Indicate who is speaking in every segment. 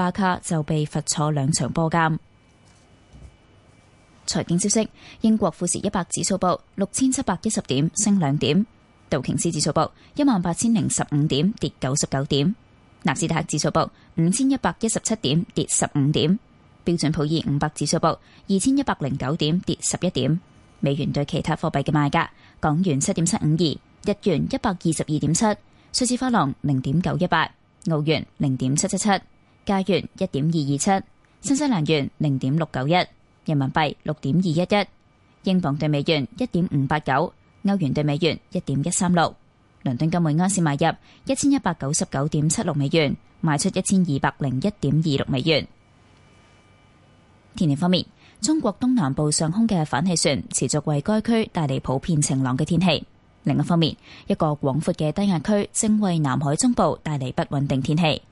Speaker 1: 巴卡就被罰坐兩場波監。財經消息：英國富時一百指數報六千七百一十點，升兩點；道瓊斯指數報一萬八千零十五點，跌九十九點；納斯達克指數報五千一百一十七點，跌十五點；標準普爾五百指數報二千一百零九點，跌十一點。美元對其他貨幣嘅賣價：港元七點七五二，日元一百二十二點七，瑞士法郎零點九一八，澳元零點七七七。加元一點二二七，新西蘭元零點六九一，人民幣六點二一一，英鎊兌美元一點五八九，歐元兌美元一點一三六。倫敦金每安士買入一千一百九十九點七六美元，賣出一千二百零一點二六美元。天氣方面，中國東南部上空嘅反氣旋持續為該區帶嚟普遍晴朗嘅天氣。另一方面，一個廣闊嘅低壓區正為南海中部帶嚟不穩定天氣。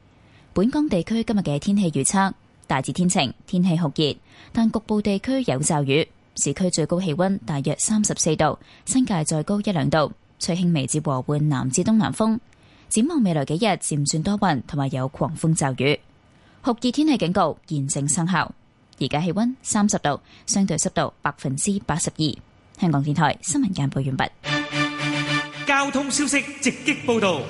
Speaker 1: 本港地區今日嘅天氣預測大致天晴，天氣酷熱，但局部地區有驟雨。市區最高氣温大約三十四度，新界再高一兩度。吹輕微至和緩南,南至東南風。展望未來幾日，漸轉多雲同埋有狂風驟雨。酷熱天氣警告現正生效。而家氣温三十度，相對濕度百分之八十二。香港電台新聞簡報完畢。交通消息直擊報道。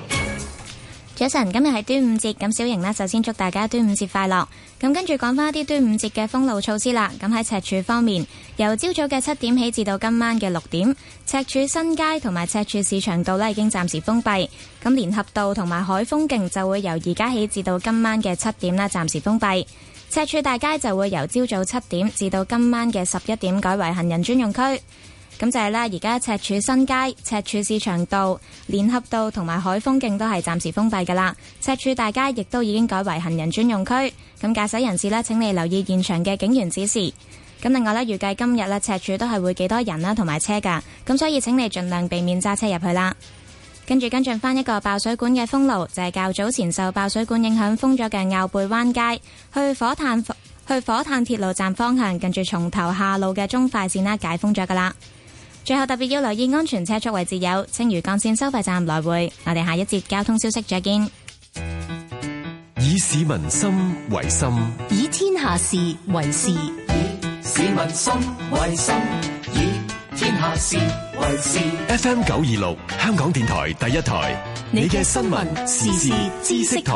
Speaker 2: 早晨，Jason，今日係端午節，咁小瑩呢，首先祝大家端午節快樂。咁跟住講翻啲端午節嘅封路措施啦。咁喺赤柱方面，由朝早嘅七點起至到今晚嘅六點，赤柱新街同埋赤柱市場道呢已經暫時封閉。咁聯合道同埋海風徑就會由而家起至到今晚嘅七點啦暫時封閉。赤柱大街就會由朝早七點至到今晚嘅十一點改為行人專用區。咁就係啦。而家赤柱新街、赤柱市場道、聯合道同埋海風徑都係暫時封閉噶啦。赤柱大街亦都已經改為行人專用區。咁駕駛人士呢，請你留意現場嘅警員指示。咁另外呢，預計今日呢，赤柱都係會幾多人啦，同埋車噶。咁所以請你盡量避免揸車入去啦。跟住跟進翻一個爆水管嘅封路，就係、是、較早前受爆水管影響封咗嘅坳背灣街去火炭去火炭鐵路站方向，跟住從頭下路嘅中快線啦解封咗噶啦。最後特別要留意安全車速位置有青嶼幹線收費站來回。我哋下一節交通消息再見。
Speaker 3: 以市民心為心，
Speaker 2: 以天下事為事。以市民心為心，以天下事
Speaker 3: 為事。FM 九二六，香港電台第一台，你嘅新聞時事知識台。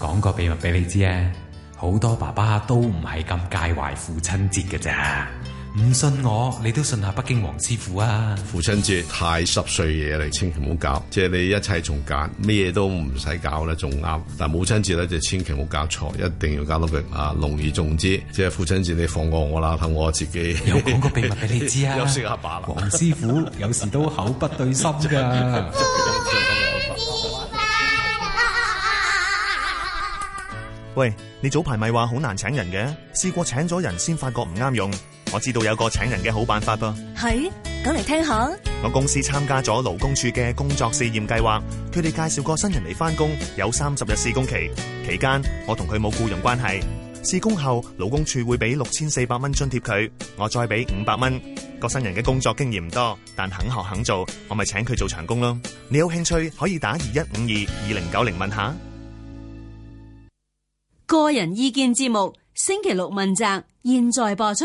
Speaker 3: 講個秘密俾你知啊，好多爸爸都唔係咁介懷父親節嘅咋。唔信我，你都信下北京黃師傅啊！父親節太濕碎嘢嚟，千祈唔好搞。即係你一切從簡，咩嘢都唔使搞咧，仲啱。但母親節咧就千祈唔好搞錯，一定要搞到佢啊！隆而重之。即係父親節你放過我啦，等我自己有講個秘密俾你知啊！ 黃師傅有時都口不對心噶。 喂，你早排咪話好難請人嘅，試過請咗人先發覺唔啱用。我知道有個請人嘅好辦法噃，
Speaker 2: 係，講嚟聽下。
Speaker 3: 我公司參加咗勞工處嘅工作試驗計劃，佢哋介紹個新人嚟返工，有三十日試工期，期間我同佢冇僱傭關係。試工後，勞工處會俾六千四百蚊津貼佢，我再俾五百蚊。個新人嘅工作經驗唔多，但肯學肯做，我咪請佢做長工咯。你有興趣可以打二一五二二零九零問下。
Speaker 1: 個人意見節目星期六問責，現在播出。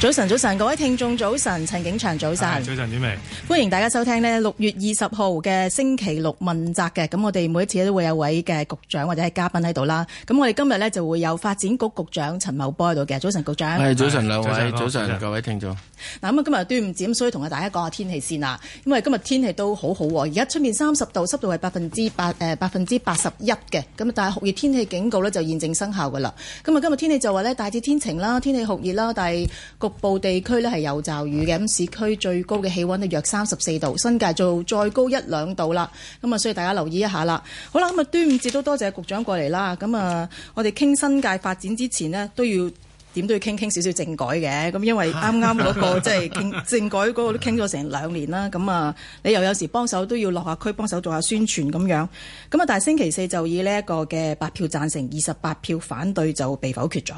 Speaker 4: 早晨，早晨，各位聽眾，早晨，陳景祥，早晨，早晨，點未？歡迎大家收聽呢六月二十號嘅星期六問責嘅。咁我哋每一次都會有位嘅局長或者係嘉賓喺度啦。咁我哋今日呢就會有發展局局長陳茂波喺度嘅。早晨，局長，係，早晨兩位，早晨
Speaker 5: 各位聽眾。
Speaker 4: 嗱咁啊，今日端午節咁，所以同大家講下天氣先啦。因為今日天氣都好好，而家出面三十度，濕度係百分之八誒，百分之八十一嘅。咁啊，但係酷熱天氣警告呢就現正生效噶啦。咁啊，今日天氣就話呢大致天晴啦，天氣酷熱啦，但係局。局部地區呢係有驟雨嘅，咁市區最高嘅氣温呢約三十四度，新界就再高一兩度啦。咁啊，所以大家留意一下啦。好啦，咁、嗯、啊，端午節都多謝局長過嚟啦。咁啊，我哋傾新界發展之前呢，都要點都要傾傾少少政改嘅。咁因為啱啱嗰個即係、 就是、政改嗰個都傾咗成兩年啦。咁啊，你又有時幫手都要落下區幫手做下宣傳咁樣。咁啊，但係星期四就以呢一個嘅八票贊成，二十八票反對就被否決咗。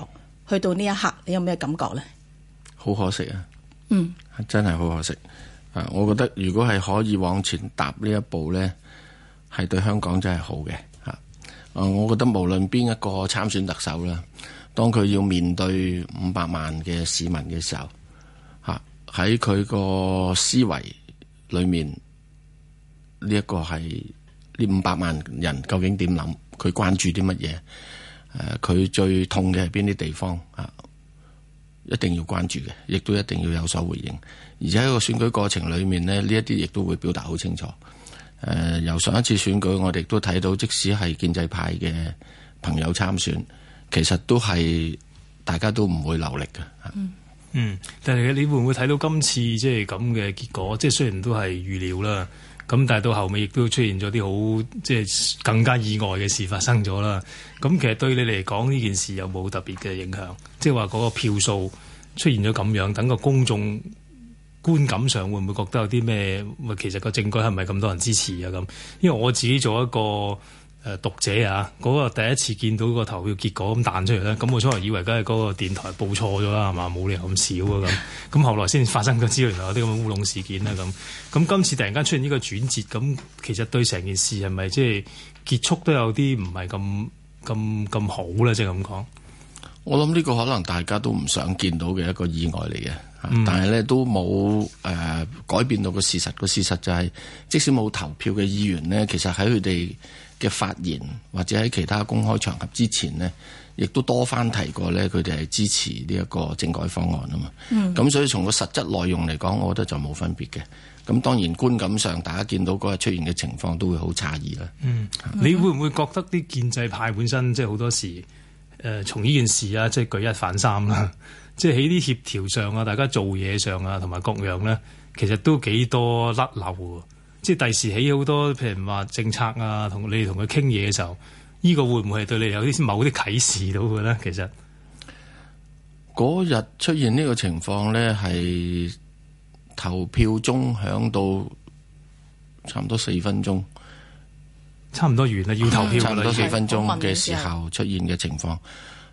Speaker 4: 去到呢一刻，你有咩感覺呢？
Speaker 5: 好可惜啊！嗯，真係好可惜啊！我覺得如果係可以往前踏呢一步咧，係對香港真係好嘅吓。啊，我覺得無論邊一個參選特首啦，當佢要面對五百萬嘅市民嘅時候，吓喺佢個思維裏面，呢一個係呢五百萬人究竟點諗？佢關注啲乜嘢？誒，佢最痛嘅係邊啲地方啊？一定要關注嘅，亦都一定要有所回應。而且喺個選舉過程裏面呢，呢一啲亦都會表達好清楚。誒、呃，由上一次選舉，我哋都睇到，即使係建制派嘅朋友參選，其實都係大家都唔會留力嘅、嗯。嗯，
Speaker 3: 但係你會唔會睇到今次即係咁嘅結果？即、就、係、是、雖然都係預料啦。咁但係到後尾亦都出現咗啲好即係更加意外嘅事發生咗啦。咁其實對你嚟講，呢件事有冇特別嘅影響？即係話嗰個票數出現咗咁樣，等個公眾觀感上會唔會覺得有啲咩？其實個證據係咪咁多人支持啊？咁因為我自己做一個。誒讀者啊，嗰、嗰個第一次見到個投票結果咁彈出嚟咧，咁我初頭以為梗係嗰個電台報錯咗啦，係嘛，冇理由咁少啊咁，咁後來先發生咗之後，原來有啲咁嘅烏龍事件啦咁，咁今次突然間出現呢個轉折，咁其實對成件事係咪即係結束都有啲唔係咁咁咁好咧？即係咁講，
Speaker 5: 我諗呢個可能大家都唔想見到嘅一個意外嚟嘅，嗯、但係咧都冇、呃、改變到個事實。個事實就係、係、即使冇投票嘅議員呢，其實喺佢哋嘅發言或者喺其他公開場合之前呢，亦都多番提過呢，佢哋係支持呢一個政改方案啊嘛。咁、mm hmm. 所以從個實質內容嚟講，我覺得就冇分別嘅。咁當然觀感上，大家見到嗰日出現嘅情況都會好詫異啦。嗯、
Speaker 3: mm，hmm. 是你會唔會覺得啲建制派本身即係好多時誒、呃，從呢件事啊，即係舉一反三啦， 即係喺啲協調上啊，大家做嘢上啊，同埋各樣呢，其實都幾多甩漏。即係第時起好多，譬如話政策啊，同你同佢傾嘢嘅時候，呢個會唔會係對你有啲某啲啟示到嘅咧？其實
Speaker 5: 嗰日出現呢個情況咧，係投票鐘響到差唔多四分鐘，
Speaker 3: 差唔多完啦，要投票對對差唔多四分鐘嘅時候
Speaker 5: 出現嘅情況，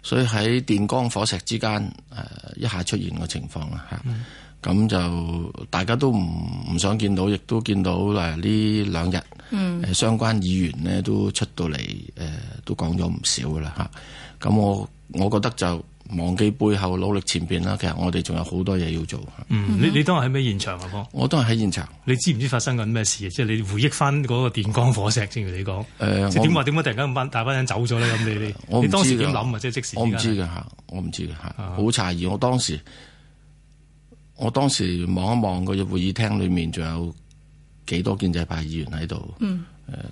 Speaker 5: 所以喺電光火石之間，誒一下出現個情況啦吓。嗯咁就大家都唔唔想見到，亦都見到誒呢兩日，誒、嗯、相關議員呢都出到嚟誒，都講咗唔少噶啦嚇。咁我我覺得就忘記背後努力前邊啦。其實我哋仲有好多嘢要做。嗯，你
Speaker 3: 當時嗯你當日喺咩現場啊？哥，
Speaker 5: 我當日喺現場。
Speaker 3: 你知唔知發生緊咩事？即係你回憶翻嗰個電光火石，正如你講。誒、呃，即係點話？點解不突然間大班人走咗咧？咁你你，知你當時點諗啊？即係即時。我唔知嘅
Speaker 5: 嚇，我唔知嘅嚇，好詫異。我當時我當時望一望個會議廳裏面，仲有幾多建制派議員喺度？誒、嗯，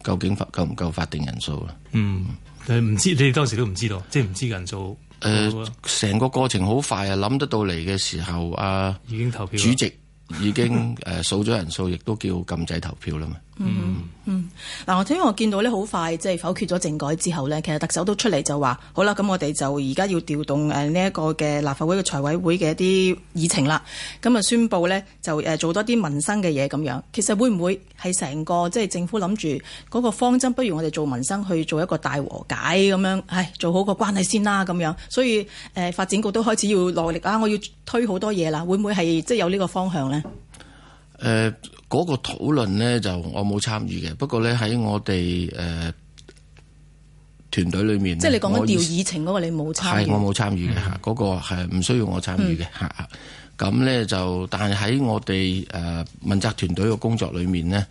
Speaker 5: 究竟夠唔夠法定人數
Speaker 3: 啊？嗯，誒，唔知你哋當時都唔知道，即係唔知人數。誒、呃，
Speaker 5: 成個過程好快啊！諗得到嚟嘅時候，啊，
Speaker 3: 已經投票。主席
Speaker 5: 已經誒數咗人數，亦都叫禁制投票啦嘛。
Speaker 3: 嗯、mm
Speaker 4: hmm. 嗯，嗱、嗯，我聽我見到呢好快即係、就是、否決咗政改之後呢，其實特首都出嚟就話，好啦，咁我哋就而家要調動誒呢一個嘅立法會嘅財委會嘅一啲議程啦，咁啊宣布呢，就誒做多啲民生嘅嘢咁樣，其實會唔會係成個即係、就是、政府諗住嗰個方針，不如我哋做民生去做一個大和解咁樣，唉，做好個關係先啦咁樣，所以誒、呃、發展局都開始要落力啊，我要推好多嘢啦，會唔會係即係有呢個方向呢？誒、
Speaker 5: 呃。嗰個討論呢，就我冇參與嘅，不過呢，喺我哋誒團隊裏面，即係你講緊調議
Speaker 4: 程嗰個，你冇參與，係我冇
Speaker 5: 參與嘅，嗰、嗯、個係唔需要我參與嘅咁呢，就、嗯，但係喺我哋誒、呃、問責團隊嘅工作裏面呢、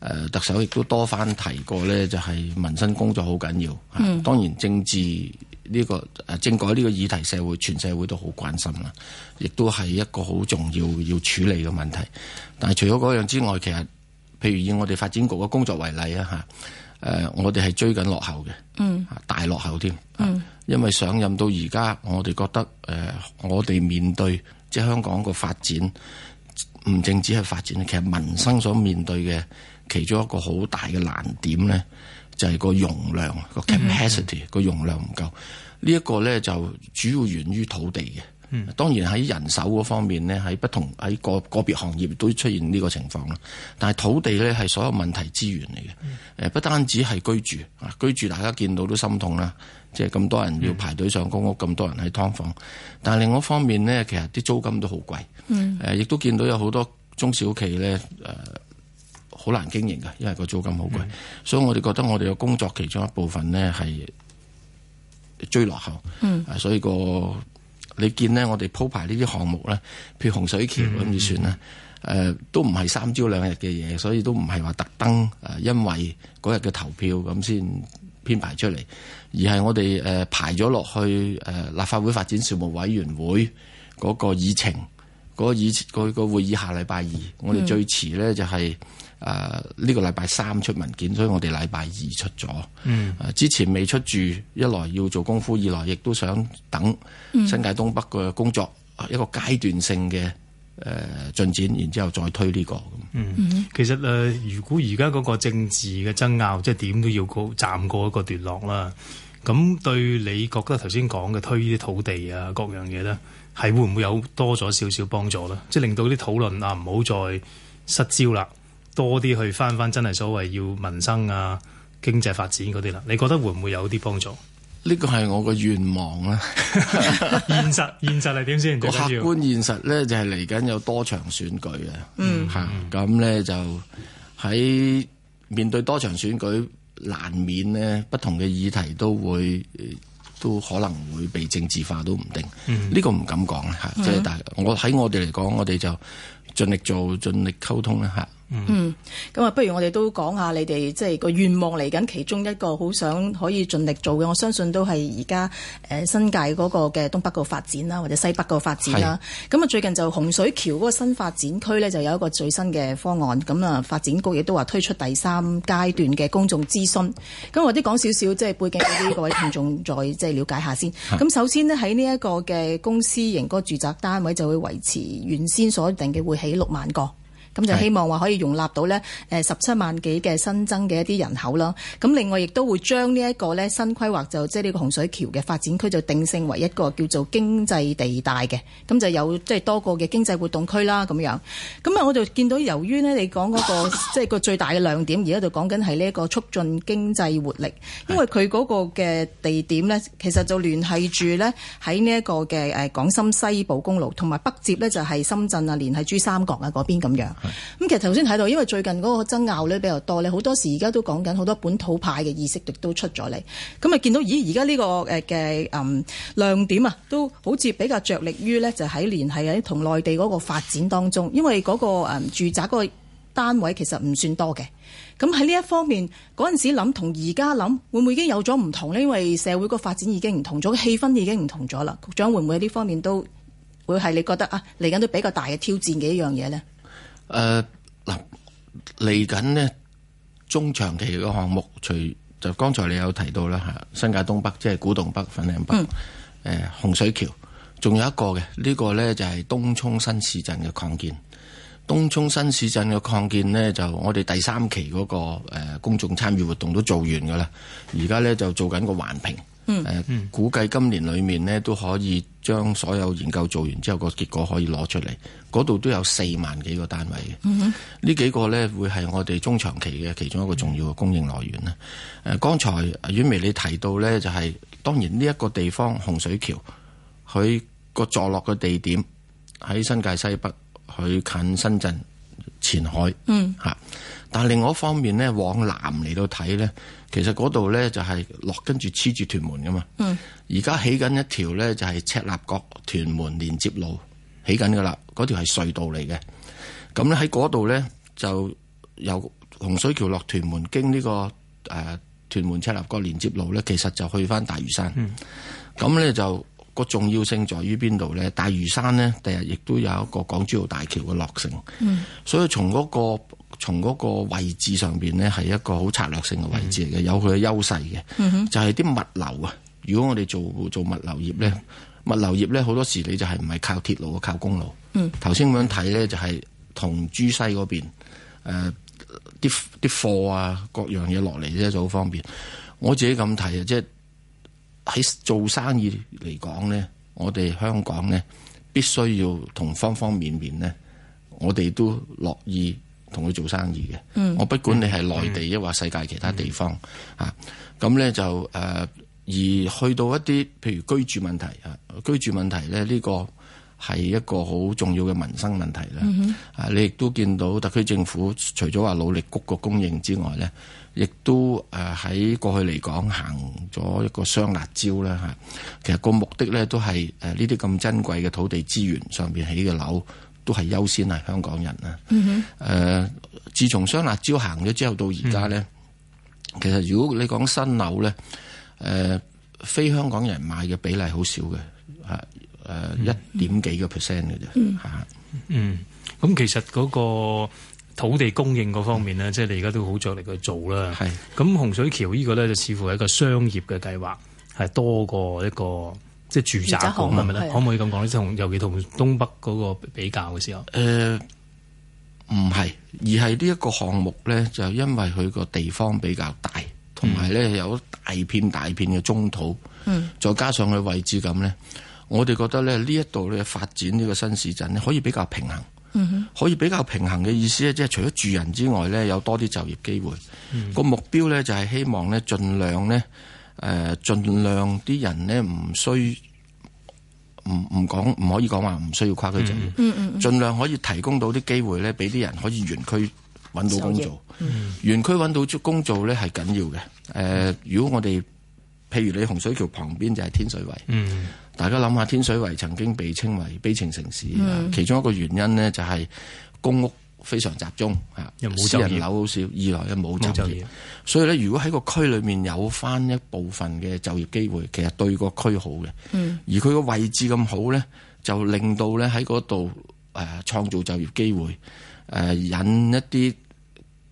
Speaker 5: 呃，特首亦都多番提過呢，就係民生工作好緊要。當、嗯、當然政治。呢、這個政改呢個議題，社會全社會都好關心啦，亦都係一個好重要要處理嘅問題。但係除咗嗰樣之外，其實譬如以我哋發展局嘅工作為例啊，吓、呃，我哋係追緊落後嘅，嗯，大落後添，呃、嗯，因為上任到而家，我哋覺得、呃、我哋面對即係香港個發展，唔淨止係發展，其實民生所面對嘅其中一個好大嘅難點咧。就係個容量，個 capacity，個容量唔夠。呢一、嗯、個咧就主要源於土地嘅。
Speaker 6: 嗯、
Speaker 5: 當然喺人手嗰方面咧，喺不同喺個個別行業都出現呢個情況啦。但係土地咧係所有問題資源嚟嘅。不單止係居住，啊居住大家見到都心痛啦，即係咁多人要排隊上公屋，咁、嗯、多人喺劏房。但係另外一方面呢，其實啲租金都好貴。誒亦都見到有好多中小企咧、呃好難經營㗎，因為個租金好貴，的所以我哋覺得我哋嘅工作其中一部分呢係追落後，嗯
Speaker 6: 的，
Speaker 5: 所以、那個你見呢，我哋鋪排呢啲項目呢，譬如洪水橋咁樣算啦，誒的、呃，都唔係三朝兩日嘅嘢，所以都唔係話特登誒，因為嗰日嘅投票咁先編排出嚟，而係我哋誒排咗落去誒立法會發展事務委員會嗰個議程，嗰、那個議嗰、那個會議下禮拜二，的我哋最遲呢就係、是。誒，呢、呃這個禮拜三出文件，所以我哋禮拜二出咗。嗯、
Speaker 7: 呃，
Speaker 5: 之前未出住，一來要做功夫，二來亦都想等新界東北嘅工作、嗯、一個階段性嘅誒、呃、進展，然之後再推呢、這個。
Speaker 3: 嗯，嗯其實誒、呃，如果而家嗰個政治嘅爭拗，即係點都要過站過一個段落啦。咁對，你覺得頭先講嘅推呢啲土地啊，各樣嘢呢，係會唔會有多咗少少幫助呢？即係令到啲討論啊，唔好再失焦啦。多啲去翻翻真係所謂要民生啊、經濟發展嗰啲啦，你覺得會唔會有啲幫助？呢個係我嘅願望啊 現！現實現實係點先？個客觀
Speaker 5: 現實咧就係嚟緊有多場選舉啊！嚇咁咧就喺面對多場選舉，難免呢不同嘅議題都會都可能會被政治化都唔定。呢、嗯、個唔敢講即係但係我喺我哋嚟講，我哋就盡力做、盡力溝通啦
Speaker 4: 嗯，咁啊，不如我哋都講下你哋即係個願望嚟緊，其中一個好想可以盡力做嘅，我相信都係而家誒新界嗰個嘅東北個發展啦，或者西北個發展啦。咁啊是，最近就洪水橋嗰個新發展區呢，就有一個最新嘅方案。咁啊，發展局亦都話推出第三階段嘅公眾諮詢。咁或者講少少即係背景俾、這個， 各位聽眾再即係了解下先。咁首先呢，喺呢一個嘅公私營嗰個住宅單位就會維持原先所定嘅會起六萬個。咁就希望話可以容納到呢誒十七萬幾嘅新增嘅一啲人口啦。咁另外亦都會將呢一個呢新規劃就即係呢個洪水橋嘅發展區，就定性為一個叫做經濟地帶嘅。咁就有即係多個嘅經濟活動區啦，咁樣。咁啊，我就見到由於呢你講嗰個即係個最大嘅亮點，而家就講緊係呢一個促進經濟活力，因為佢嗰個嘅地點呢，其實就聯繫住呢喺呢一個嘅誒廣深西部公路，同埋北接呢就係深圳啊，聯繫珠三角啊嗰邊咁樣。咁其實頭先睇到，因為最近嗰個爭拗咧比較多咧，好多時而家都講緊好多本土派嘅意識亦都出咗嚟。咁啊，見到咦、呢個，而家呢個誒嘅嗯亮點啊，都好似比較着力於咧，就喺聯繫喺同內地嗰個發展當中，因為嗰、嗰個、呃、住宅嗰個單位其實唔算多嘅。咁喺呢一方面，嗰陣時諗同而家諗會唔會已經有咗唔同呢？因為社會個發展已經唔同咗，氣氛已經唔同咗啦。局長會唔會喺呢方面都會係你覺得啊嚟緊都比較大嘅挑戰嘅一樣嘢咧？
Speaker 5: 誒，嗱，嚟緊呢中長期嘅項目，除就剛才你有提到啦吓，新界東北即係、就是、古洞北、粉嶺北，誒、嗯、洪水橋，仲有一個嘅呢、這個咧就係東涌新市鎮嘅擴建。東涌新市鎮嘅擴建呢，就我哋第三期嗰個誒公眾參與活動都做完噶啦，而家咧就做緊個環評。嗯呃、估計今年裡面咧都可以將所有研究做完之後，個結果可以攞出嚟。嗰度都有四萬幾個單位
Speaker 7: 嘅，
Speaker 5: 呢、嗯、哼幾個咧會係我哋中長期嘅其中一個重要嘅供應來源啦。誒、呃，剛才婉薇你提到呢，就係、是、當然呢一個地方洪水橋，佢個坐落嘅地點喺新界西北，佢近深圳前海，嗯嚇。但另外一方面咧，往南嚟到睇咧，其實嗰度咧就係落跟住黐住屯門嘅嘛。而家起緊一條咧就係赤鱲角屯門連接路，起緊嘅啦。嗰條係隧道嚟嘅。咁咧喺嗰度咧就由洪水橋落屯門，經呢、這個誒、啊、屯門赤鱲角連接路咧，其實就去翻大嶼山。咁咧、嗯、就、那個重要性在於邊度咧？大嶼山咧第日亦都有一個港珠澳大橋嘅落成，嗯、所以從嗰、那個。從嗰個位置上邊呢，係一個好策略性嘅位置嚟嘅，嗯、有佢嘅優勢嘅，
Speaker 7: 嗯、哼
Speaker 5: 就係啲物流啊。如果我哋做做物流業咧，物流業咧好多時你就係唔係靠鐵路啊，靠公路。頭先咁樣睇咧，就係、是、同珠西嗰邊啲啲、呃、貨啊，各樣嘢落嚟咧就好方便。我自己咁睇啊，即係喺做生意嚟講咧，我哋香港咧必須要同方方面面咧，我哋都樂意。同佢做生意嘅，嗯、我不管你係內地抑或世界其他地方啊，咁咧、嗯嗯、就誒而去到一啲譬如居住問題啊，居住問題咧呢個係一個好重要嘅民生問題啦。啊、嗯哼，你亦都見到特區政府除咗話努力谷個供應之外咧，亦都誒喺過去嚟講行咗一個雙辣招啦吓，其實個目的咧都係誒呢啲咁珍貴嘅土地資源上面起嘅樓。都係優先係，香港人啊！誒、mm hmm. 呃，自從雙辣招行咗之後到而家咧，mm hmm. 其實如果你講新樓咧，誒、呃，非香港人買嘅比例好少嘅，嚇誒一點幾個 percent 嘅啫嚇。Mm
Speaker 6: hmm.
Speaker 3: 的嗯，咁其實嗰個土地供應嗰方面咧，即係、mm hmm. 你而家都好着力去做啦。係的，咁洪水橋呢個咧就似乎係一個商業嘅計劃，係多過一個。即係住宅講係咪咧？可唔可以咁講咧？同尤其同東北嗰個比較嘅時候，誒
Speaker 5: 唔係，而係呢一個項目咧，就因為佢個地方比較大，同埋咧有大片大片嘅中土，嗯、再加上佢位置咁咧，我哋覺得咧呢一度咧發展呢個新市鎮咧可以比較平衡，嗯哼，可以比較平衡嘅意思咧，即係除咗住人之外咧，有多啲就業機會，嗯、個目標咧就係希望咧儘量咧誒儘量啲人咧唔需。唔唔講唔可以講話唔需要跨區整，嗯、盡量可以提供到啲機會呢，俾啲人可以園區揾到工做。嗯、園區揾到工做呢係緊要嘅。誒、呃，如果我哋譬如你洪水橋旁邊就係天水圍，嗯、大家諗下天水圍曾經被稱為悲情城市，嗯、其中一個原因呢，就係公屋。非常集中啊，私人樓少，二來又冇就業，就業，所以咧，如果喺個區裏面有翻一部分嘅就業機會，其實對個區好嘅。嗯，而佢個位置咁好咧，就令到咧喺嗰度誒創造就業機會誒，引一啲誒、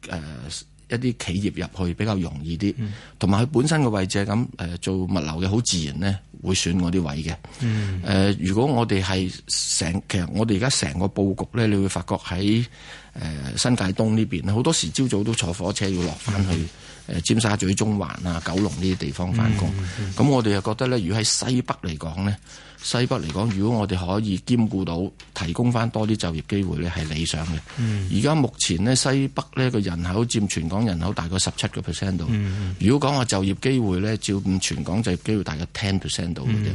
Speaker 5: 呃、一啲企業入去比較容易啲，同埋佢本身個位置係咁誒、呃、做物流嘅好自然咧。會選啲位嘅，呃，如果我哋係成，其實我哋而家成個佈局咧，你會發覺喺，呃，新界東呢邊，好多時朝早都坐火車要落翻去。誒，尖沙咀、中環啊、九龍呢啲地方返工。咁、嗯、我哋又覺得咧，如果喺西北嚟講呢，西北嚟講，如果我哋可以兼顧到提供翻多啲就業機會呢，係理想嘅。
Speaker 7: 而
Speaker 5: 家、嗯、目前呢，西北呢個人口佔全港人口大概十七個 percent 度。嗯、如果講話就業機會呢，照全港就業機會大概 ten percent 度嘅啫。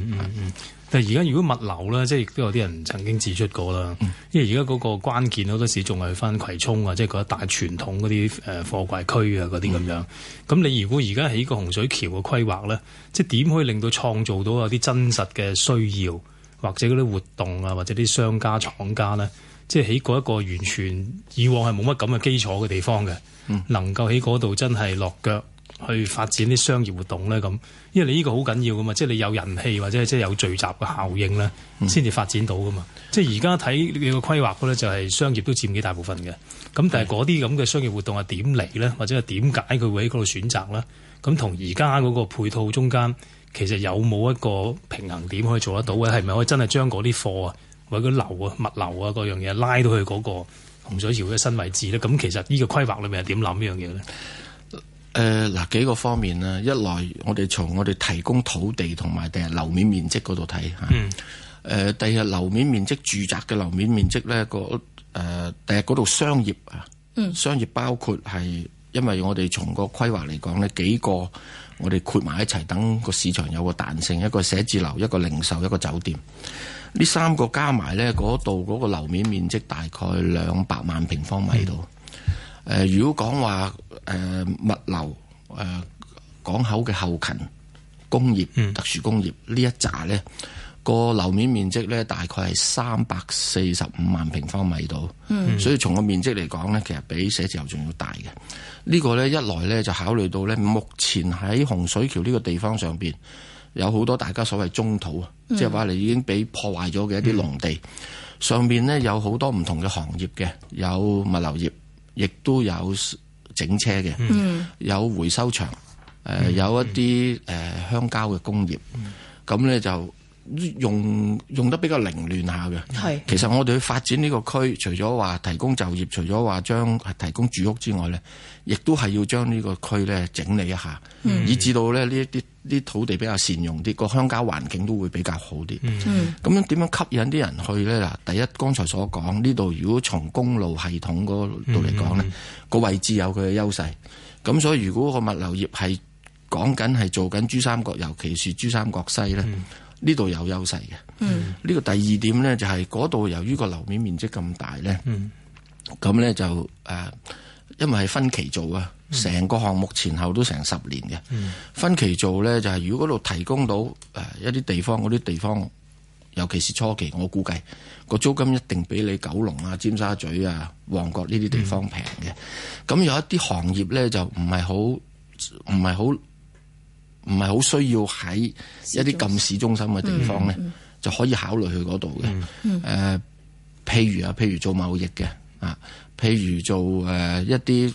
Speaker 3: 但係而家如果物流咧，即係亦都有啲人曾經指出過啦。嗯、因為而家嗰個關鍵好多時仲係翻葵涌啊，即係嗰一大傳統嗰啲誒貨櫃區啊嗰啲咁樣，咁、嗯、你如果而家起個洪水橋嘅規劃咧，即係點可以令到創造到有啲真實嘅需要，或者嗰啲活動啊，或者啲商家廠家咧，即係起過一個完全以往係冇乜咁嘅基礎嘅地方嘅，嗯、能夠喺嗰度真係落腳。去發展啲商業活動咧，咁因為你呢個好緊要噶嘛，即係你有人氣或者即係有聚集嘅效應咧，先至發展到噶嘛。嗯、即係而家睇你個規劃咧，就係、是、商業都佔幾大部分嘅。咁但係嗰啲咁嘅商業活動係點嚟咧，或者係點解佢會喺嗰度選擇咧？咁同而家嗰個配套中間，其實有冇一個平衡點可以做得到嘅？係咪可以真係將嗰啲貨啊，或者樓啊、物流啊嗰樣嘢拉到去、那、嗰個洪水橋嘅新位置咧？咁其實呢個規劃裏面係點諗呢樣嘢咧？
Speaker 5: 誒，嗱、呃、幾個方面啦，一來我哋從我哋提供土地同埋第日樓面面積嗰度睇吓，誒、嗯呃，第日樓面面積、住宅嘅樓面面積呢個誒、呃，第日嗰度商業啊，嗯，商業包括係，因為我哋從個規劃嚟講呢幾個我哋括埋一齊，等個市場有個彈性，一個寫字樓，一個零售，一個酒店，呢三個加埋呢嗰度嗰個樓面面積大概兩百萬平方米度。嗯誒、呃，如果講話誒物流誒、呃、港口嘅後勤工業、嗯、特殊工業這一呢一扎呢個樓面面積呢，大概係三百四十五萬平方米到。嗯、所以從個面積嚟講呢，其實比寫字樓仲要大嘅。呢、這個呢一來呢，就考慮到呢目前喺洪水橋呢個地方上面，有好多大家所謂棕土啊。嗯、即係話你已經俾破壞咗嘅一啲農地、嗯、上面呢有好多唔同嘅行業嘅，有物流業。亦都有整車嘅，有回收場，誒，有一啲誒鄉郊嘅工業，咁咧就。用用得比較凌亂下嘅，是其實我哋去發展呢個區，除咗話提供就業，除咗話將提供住屋之外呢，亦都係要將呢個區呢整理一下，嗯、以至到呢呢一啲啲土地比較善用啲，個鄉郊環境都會比較好啲。咁、嗯、樣點樣吸引啲人去呢？嗱，第一，剛才所講呢度，如果從公路系統嗰度嚟講呢個、嗯嗯嗯、位置有佢嘅優勢。咁所以如果個物流業係講緊係做緊珠三角，尤其是珠三角西呢。嗯呢度有優勢嘅，呢、嗯、個第二點呢，就係嗰度由於個樓面面積咁大呢，咁呢、嗯、就誒、呃，因為係分期做啊，成個項目前後都成十年嘅，嗯、分期做呢，就係、是、如果嗰度提供到、呃、一啲地方嗰啲地方，尤其是初期，我估計個租金一定比你九龍啊、尖沙咀啊、旺角呢啲地方平嘅。咁、嗯、有一啲行業呢，就唔係好，唔係好。唔係好需要喺一啲近市中心嘅地方咧，嗯嗯、就可以考慮去嗰度嘅。譬如啊，譬如做貿易嘅啊，譬如做、呃、一啲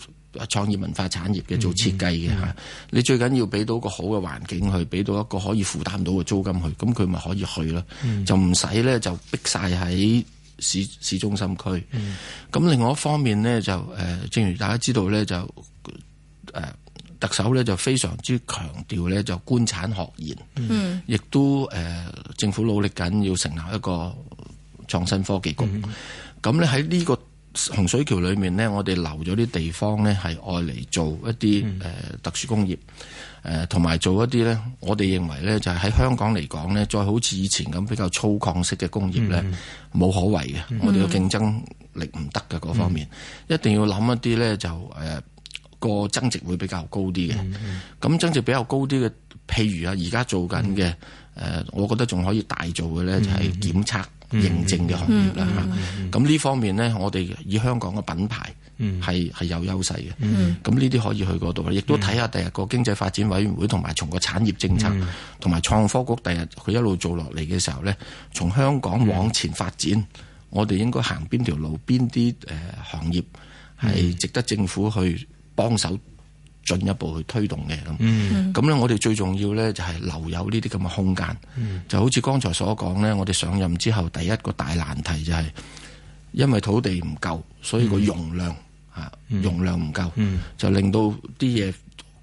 Speaker 5: 創業文化產業嘅，做設計嘅、嗯嗯啊、你最緊要俾到一個好嘅環境去，俾到一個可以負擔到嘅租金去，咁佢咪可以去咯、嗯。就唔使咧，就逼晒喺市市中心區。咁、嗯、另外一方面呢，就、呃、正如大家知道咧，就誒。呃特首咧就非常之強調咧，就官產學研，亦、嗯、都、呃、政府努力緊要成立一個創新科技局。咁咧，喺呢個洪水橋裏面呢，我哋留咗啲地方呢，係愛嚟做一啲、呃、特殊工業，同、呃、埋做一啲呢，我哋認為呢就係喺香港嚟講呢，再好似以前咁比較粗獷式嘅工業呢，冇、嗯、可為嘅，我哋嘅競爭力唔得嘅嗰方面，嗯、一定要諗一啲呢就、呃個增值會比較高啲嘅，咁、嗯嗯、增值比較高啲嘅，譬如啊，而家做緊嘅，誒、呃，我覺得仲可以大做嘅呢，就係檢測認證嘅行業啦。咁呢方面呢，我哋以香港嘅品牌係係有優勢嘅。咁呢啲可以去嗰度，亦都睇下第日個經濟發展委員會同埋從個產業政策同埋創科局。第日佢一路做落嚟嘅時候呢，從香港往前發展，嗯、我哋應該行邊條路，邊啲誒行業係值得政府去。幫手進一步去推動嘅。咁，咁咧我哋最重要咧就係留有呢啲咁嘅空間，就好似剛才所講咧，我哋上任之後第一個大難題就係因為土地唔夠，所以個容量啊、嗯、容量唔夠，嗯、就令到啲嘢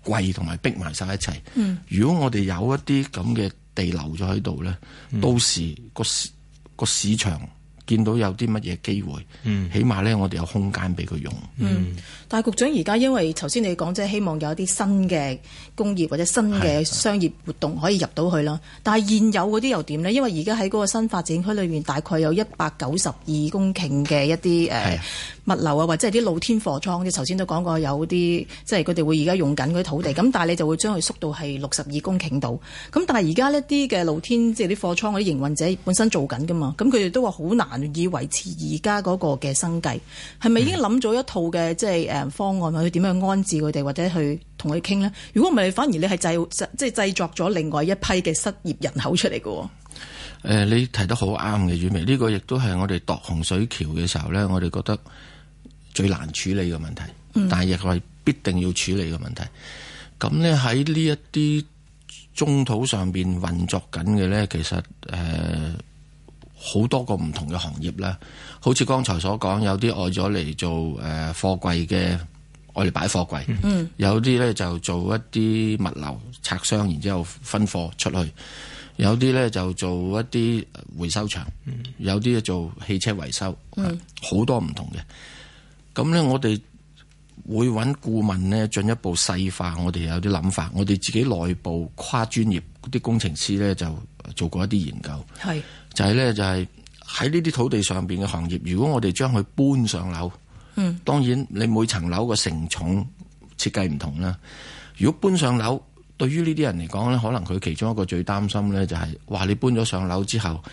Speaker 5: 貴同埋逼埋晒一齊。嗯、如果我哋有一啲咁嘅地留咗喺度咧，到時個市、個市場。見到有啲乜嘢機會，起碼呢我哋有空間俾佢用，嗯，
Speaker 4: 嗯。但係局長而家因為頭先你講，即係希望有一啲新嘅工業或者新嘅商業活動可以入到去啦。的但係現有嗰啲又點呢？因為而家喺嗰個新發展區裏面，大概有一百九十二公頃嘅一啲誒、呃、的物流啊，或者係啲露天貨倉。你頭先都講過有啲，即係佢哋會而家用緊嗰啲土地。咁但係你就會將佢縮到係六十二公頃度。咁但係而家呢啲嘅露天，即係啲貨倉嗰啲營運者本身做緊㗎嘛。咁佢哋都話好難。以維持而家嗰個嘅生計，係咪已經諗咗一套嘅，即係誒方案去點樣安置佢哋，或者去同佢哋傾咧？如果唔係，反而你係製即係製作咗另外一批嘅失業人口出嚟嘅，
Speaker 5: 哦。誒、呃，你提得好啱嘅，婉薇，呢、這個亦都係我哋度洪水橋嘅時候咧，我哋覺得最難處理嘅問題，但係亦係必定要處理嘅問題。咁呢、嗯，喺呢一啲棕土上邊運作緊嘅咧，其實誒。呃好多個唔同嘅行業啦，好似剛才所講，有啲愛咗嚟做誒貨櫃嘅，愛嚟擺貨櫃；有啲呢就做一啲物流拆箱，然之後分貨出去；有啲呢就做一啲回收場；有啲做汽車維修，好多唔同嘅。咁呢，我哋會揾顧問呢進一步細化我哋有啲諗法。我哋自己內部跨專業啲工程師呢，就做過一啲研究。係。就係咧，就係喺呢啲土地上面嘅行業，如果我哋將佢搬上樓，嗯、當然你每層樓嘅承重設計唔同啦。如果搬上樓，對於呢啲人嚟講咧，可能佢其中一個最擔心咧、就係，就係話你搬咗上樓之後，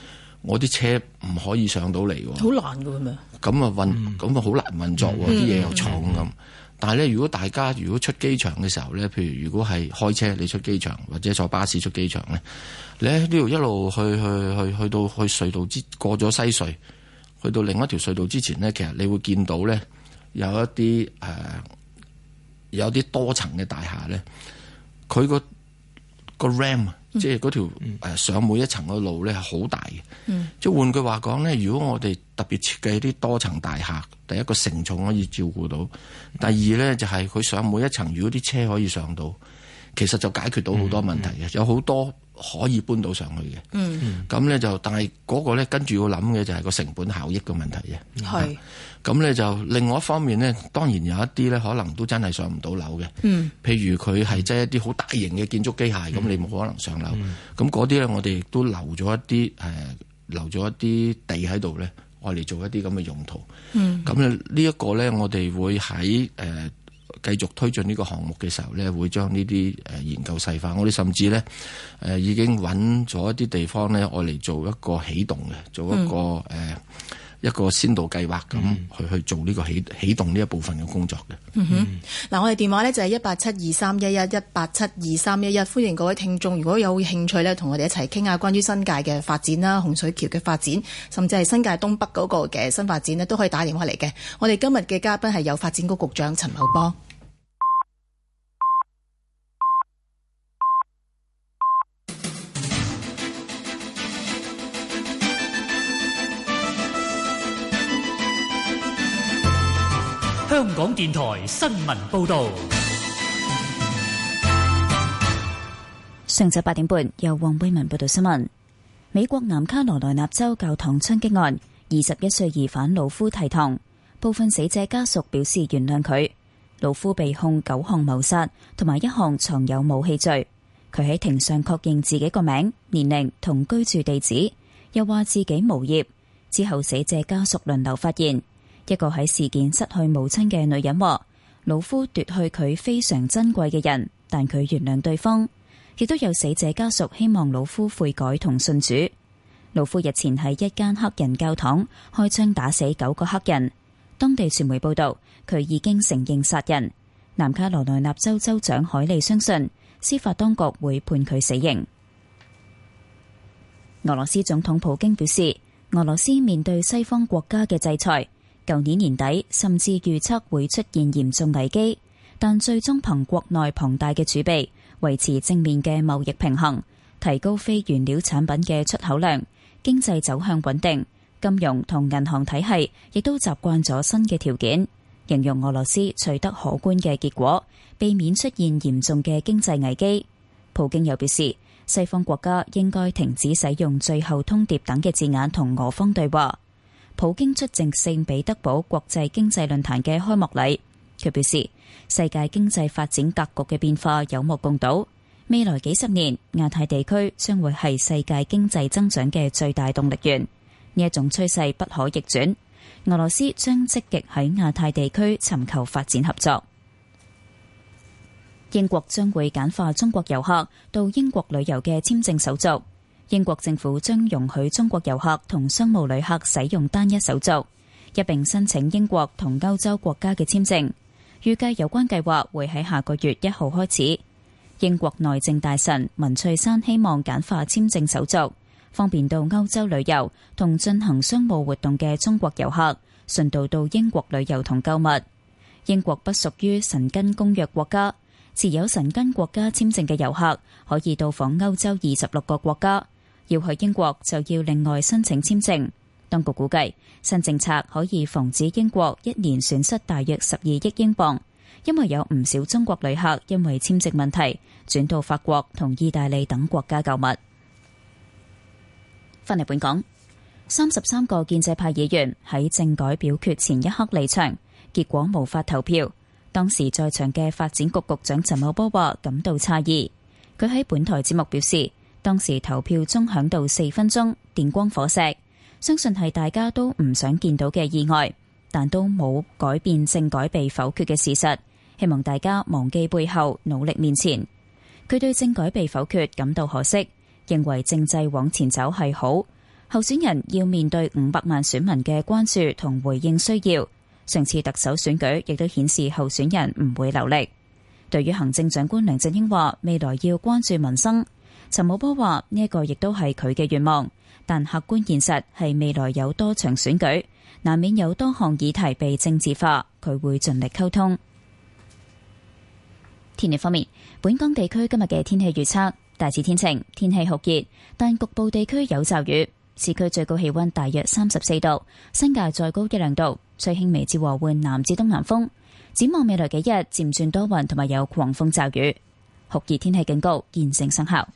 Speaker 5: 我啲車唔可以上到嚟。好難㗎嘛！咁啊運，咁啊好難運作喎，啲嘢又重咁。但係咧，如果大家如果出機場嘅時候咧，譬如如果係開車你出機場，或者坐巴士出機場咧。你喺呢度一路去，去，去，去到去隧道之過咗西隧，去到另一條隧道之前呢，其實你會見到咧有一啲誒、呃、有啲多層嘅大廈咧，佢個個 ram、嗯、即係嗰條誒上每一層嘅路咧係好大嘅。即係換句話講咧，如果我哋特別設計啲多層大廈，第一個承重可以照顧到，嗯、第二咧就係佢上每一層，如果啲車可以上到，其實就解決到好多問題嘅。嗯、有好多。可以搬到上去嘅，咁咧、嗯、就，但係嗰個咧跟住要諗嘅就係個成本效益嘅問題嘅。係是，咁咧、嗯、就另外一方面咧，當然有一啲咧可能都真係上唔到樓嘅，嗯、譬如佢係即係一啲好大型嘅建築機械，咁、嗯、你冇可能上樓。咁嗰啲咧，那那我哋亦都留咗一啲，誒、呃，留咗一啲地喺度咧，用嚟做一啲咁嘅用途。咁咧呢一個咧，我哋會喺誒。繼續推進呢個項目嘅時候呢，會將呢啲誒研究細化。我哋甚至呢誒、呃、已經揾咗一啲地方呢，我嚟做一個起動嘅，做一個誒、嗯呃、一個先導計劃咁去去做呢個起起動呢一部分嘅工作嘅。
Speaker 4: 嗱，我哋電話呢就係一八七二三一一一八七二三一一，歡迎各位聽眾，如果有興趣呢，同我哋一齊傾下關於新界嘅發展啦，洪水橋嘅發展，甚至係新界東北嗰個嘅新發展呢，都可以打電話嚟嘅。我哋今日嘅嘉賓係有發展局局長陳茂波。嗯
Speaker 3: 香港電台新聞報道：
Speaker 1: 上晝八點半，由黃貝文報道新聞。美國南卡羅來納州教堂槍擊案，二十一歲疑犯老夫提堂，部分死者家屬表示原諒佢。老夫被控九項謀殺同埋一項藏有武器罪，佢喺庭上確認自己個名、年齡同居住地址，又話自己無業。之後死者家屬輪流發言。一個喺事件失去母親嘅女人話，老夫奪去佢非常珍貴嘅人，但佢原諒對方。亦都有死者家屬希望老夫悔改同信主。老夫日前喺一間黑人教堂開槍打死九個黑人。當地傳媒報道，佢已經承認殺人。南卡羅來納州州長海利相信司法當局會判佢死刑。俄羅斯總統普京表示，俄羅斯面對西方國家嘅制裁。舊年年底，甚至預測會出現嚴重危機，但最終憑國內龐大嘅儲備維持正面嘅貿易平衡，提高非原料產品嘅出口量，經濟走向穩定，金融同銀行體系亦都習慣咗新嘅條件，形容俄羅斯取得可觀嘅結果，避免出現嚴重嘅經濟危機。普京又表示，西方國家應該停止使用最後通牒等嘅字眼同俄方對話。普京出席聖彼得堡國際經濟論壇嘅開幕禮，佢表示：世界經濟發展格局嘅變化有目共睹，未來幾十年亞太地區將會係世界經濟增長嘅最大動力源，呢一種趨勢不可逆轉。俄羅斯將積極喺亞太地區尋求發展合作。英國將會簡化中國遊客到英國旅遊嘅簽證手續。英國政府將容許中國遊客同商務旅客使用單一手續，一並申請英國同歐洲國家嘅簽證。預計有關計劃會喺下個月一號開始。英國內政大臣文翠珊希望簡化簽證手續，方便到歐洲旅遊同進行商務活動嘅中國遊客，順道到英國旅遊同購物。英國不屬於神根公約國家，持有神根國家簽證嘅遊客可以到訪歐洲二十六個國家。要去英國就要另外申請簽證。當局估計，新政策可以防止英國一年損失大約十二億英鎊，因為有唔少中國旅客因為簽證問題轉到法國同意大利等國家購物。翻嚟本港，三十三個建制派議員喺政改表決前一刻離場，結果無法投票。當時在場嘅發展局局長陳茂波話感到詫異，佢喺本台節目表示。當時投票鐘響到四分鐘，電光火石，相信係大家都唔想見到嘅意外，但都冇改變政改被否決嘅事實。希望大家忘記背後，努力面前。佢對政改被否決感到可惜，認為政制往前走係好。候選人要面對五百萬選民嘅關注同回應需要。上次特首選舉亦都顯示候選人唔會留力。對於行政長官梁振英話，未來要關注民生。陳茂波話：呢一個亦都係佢嘅願望，但客觀現實係未來有多場選舉，難免有多項議題被政治化。佢會盡力溝通。天氣方面，本港地區今日嘅天氣預測大致天晴，天氣酷熱，但局部地區有驟雨。市區最高氣温大約三十四度，新界再高一兩度。吹輕微至和緩南至東南風。展望未來幾日，漸轉多雲同埋有狂風驟雨，酷熱天氣警告現正生效。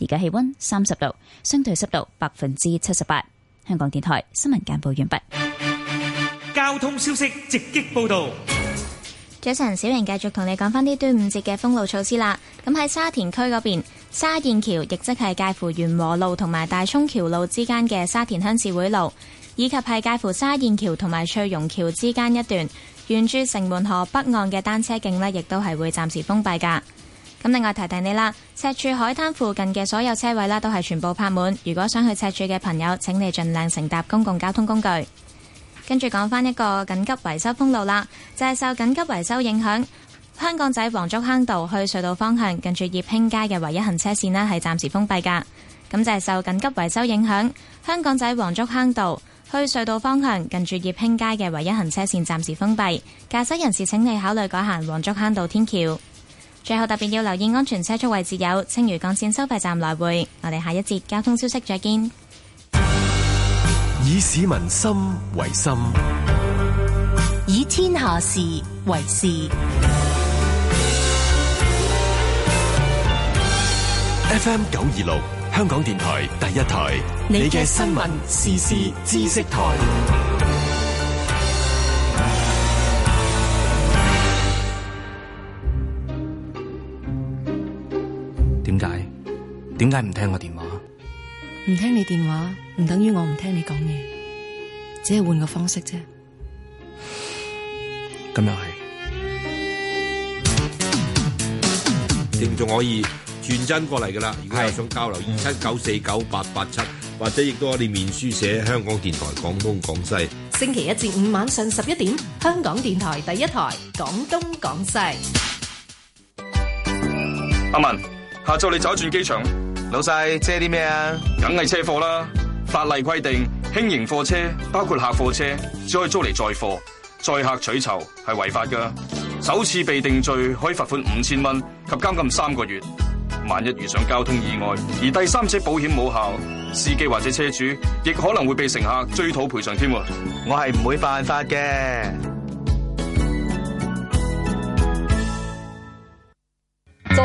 Speaker 1: 而家氣溫三十度，相對濕度百分之七十八。香港電台新聞簡報完畢。
Speaker 3: 交通消息直擊報道。
Speaker 2: 早晨，小瑩繼續同你講翻啲端午節嘅封路措施啦。咁喺沙田區嗰邊，沙燕橋亦即係介乎元和路同埋大涌橋路之間嘅沙田鄉事會路，以及係介乎沙燕橋同埋翠榕橋之間一段，沿住城門河北岸嘅單車徑呢，亦都係會暫時封閉噶。咁另外提提你啦，赤柱海灘附近嘅所有車位啦，都係全部泊滿。如果想去赤柱嘅朋友，請你盡量乘搭公共交通工具。跟住講翻一個緊急維修封路啦，就係受緊急維修影響，香港仔黃竹坑道去隧道方向近住葉興街嘅唯一行車線呢，係暫時封閉噶。咁就係受緊急維修影響，香港仔黃竹坑道去隧道方向近住葉興街嘅唯一行車線暫時封閉。駕駛人士請你考慮改行黃竹坑道天橋。最後，特別要留意安全車速位置，有青嶼幹線收費站來回。我哋下一節交通消息再見。
Speaker 3: 以市民心為心，
Speaker 4: 以天下事為事。
Speaker 3: FM 九二六，香港電台第一台，你嘅新聞、時事、知識台。點解？點解唔聽我電話？唔聽你電話，唔等於我唔聽你講嘢，只係換個方式啫。咁又係。你仲可以傳真過嚟噶啦？如果我想交流，二七九四九八八七，94, 87, 或者亦都我哋面書寫香港電台廣東廣西。
Speaker 4: 星期一至五晚上十一點，香港電台第一台廣東廣西。
Speaker 3: 阿文。下晝你走轉機場，老細遮啲咩啊？梗係車貨啦！法例規定，輕型貨車包括客貨車，只可以租嚟載貨，載客取酬係違法噶。首次被定罪，可以罰款五千蚊及監禁三個月。萬一遇上交通意外，而第三者保險冇效，司機或者車主亦可能會被乘客追討賠償添。我係唔會犯法嘅。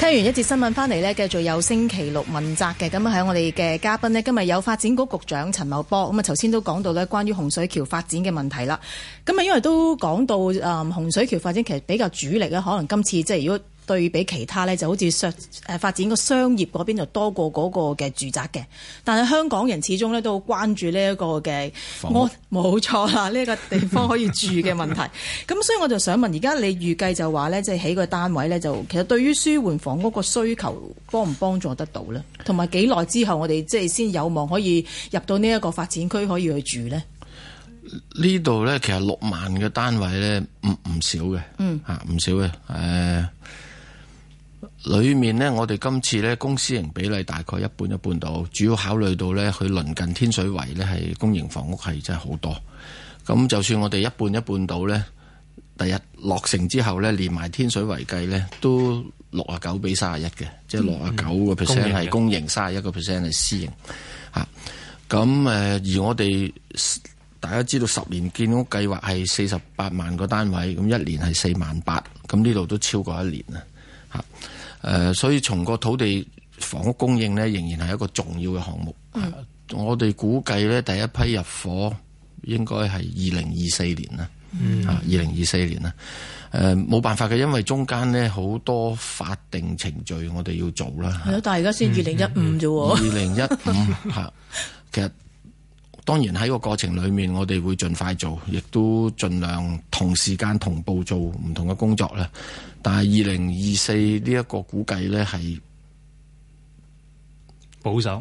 Speaker 4: 聽完一節新聞翻嚟咧，繼續有星期六問責嘅，咁啊喺我哋嘅嘉賓呢，今日有發展局局長陳茂波，咁啊頭先都講到呢，關於洪水橋發展嘅問題啦，咁啊因為都講到誒、嗯、洪水橋發展其實比較主力咧，可能今次即係如果。對比其他咧，就好似商誒發展個商業嗰邊就多過嗰個嘅住宅嘅。但係香港人始終咧都好關注呢一個嘅，房屋。我冇錯啦，呢個地方可以住嘅問題。咁 所以我就想問，而家你預計就話咧，即係起個單位咧，就其實對於舒緩房屋個需求，幫唔幫助得到咧？同埋幾耐之後，我哋即係先有望可以入到呢一個發展區可以去住咧？
Speaker 5: 呢度咧，其實六萬嘅單位咧，唔唔少嘅，嗯啊，唔少嘅，誒、呃。裏面呢，我哋今次呢公私營比例大概一半一半到，主要考慮到呢，佢鄰近天水圍呢係公營房屋係真係好多，咁就算我哋一半一半到呢，第一落成之後呢，連埋天水圍計呢都六十九比三十一嘅，即係六十九個 percent 係公營，三十一個 percent 係私營。咁、呃、而我哋大家知道十年建屋計劃係四十八萬個單位，咁一年係四萬八，咁呢度都超過一年啦。誒、呃，所以從個土地房屋供應呢，仍然係一個重要嘅項目。嗯啊、我哋估計呢，第一批入伙應該係二零二四年啦。二零二四年啦，誒、啊、冇辦法嘅，因為中間呢好多法定程序，我哋要做啦。係咯，
Speaker 4: 但係而家先二零一五啫喎。二
Speaker 5: 零一五吓，其實。當然喺個過程裏面，我哋會盡快做，亦都儘量同時間同步做唔同嘅工作啦。但係二零二四呢一個估計呢係保守。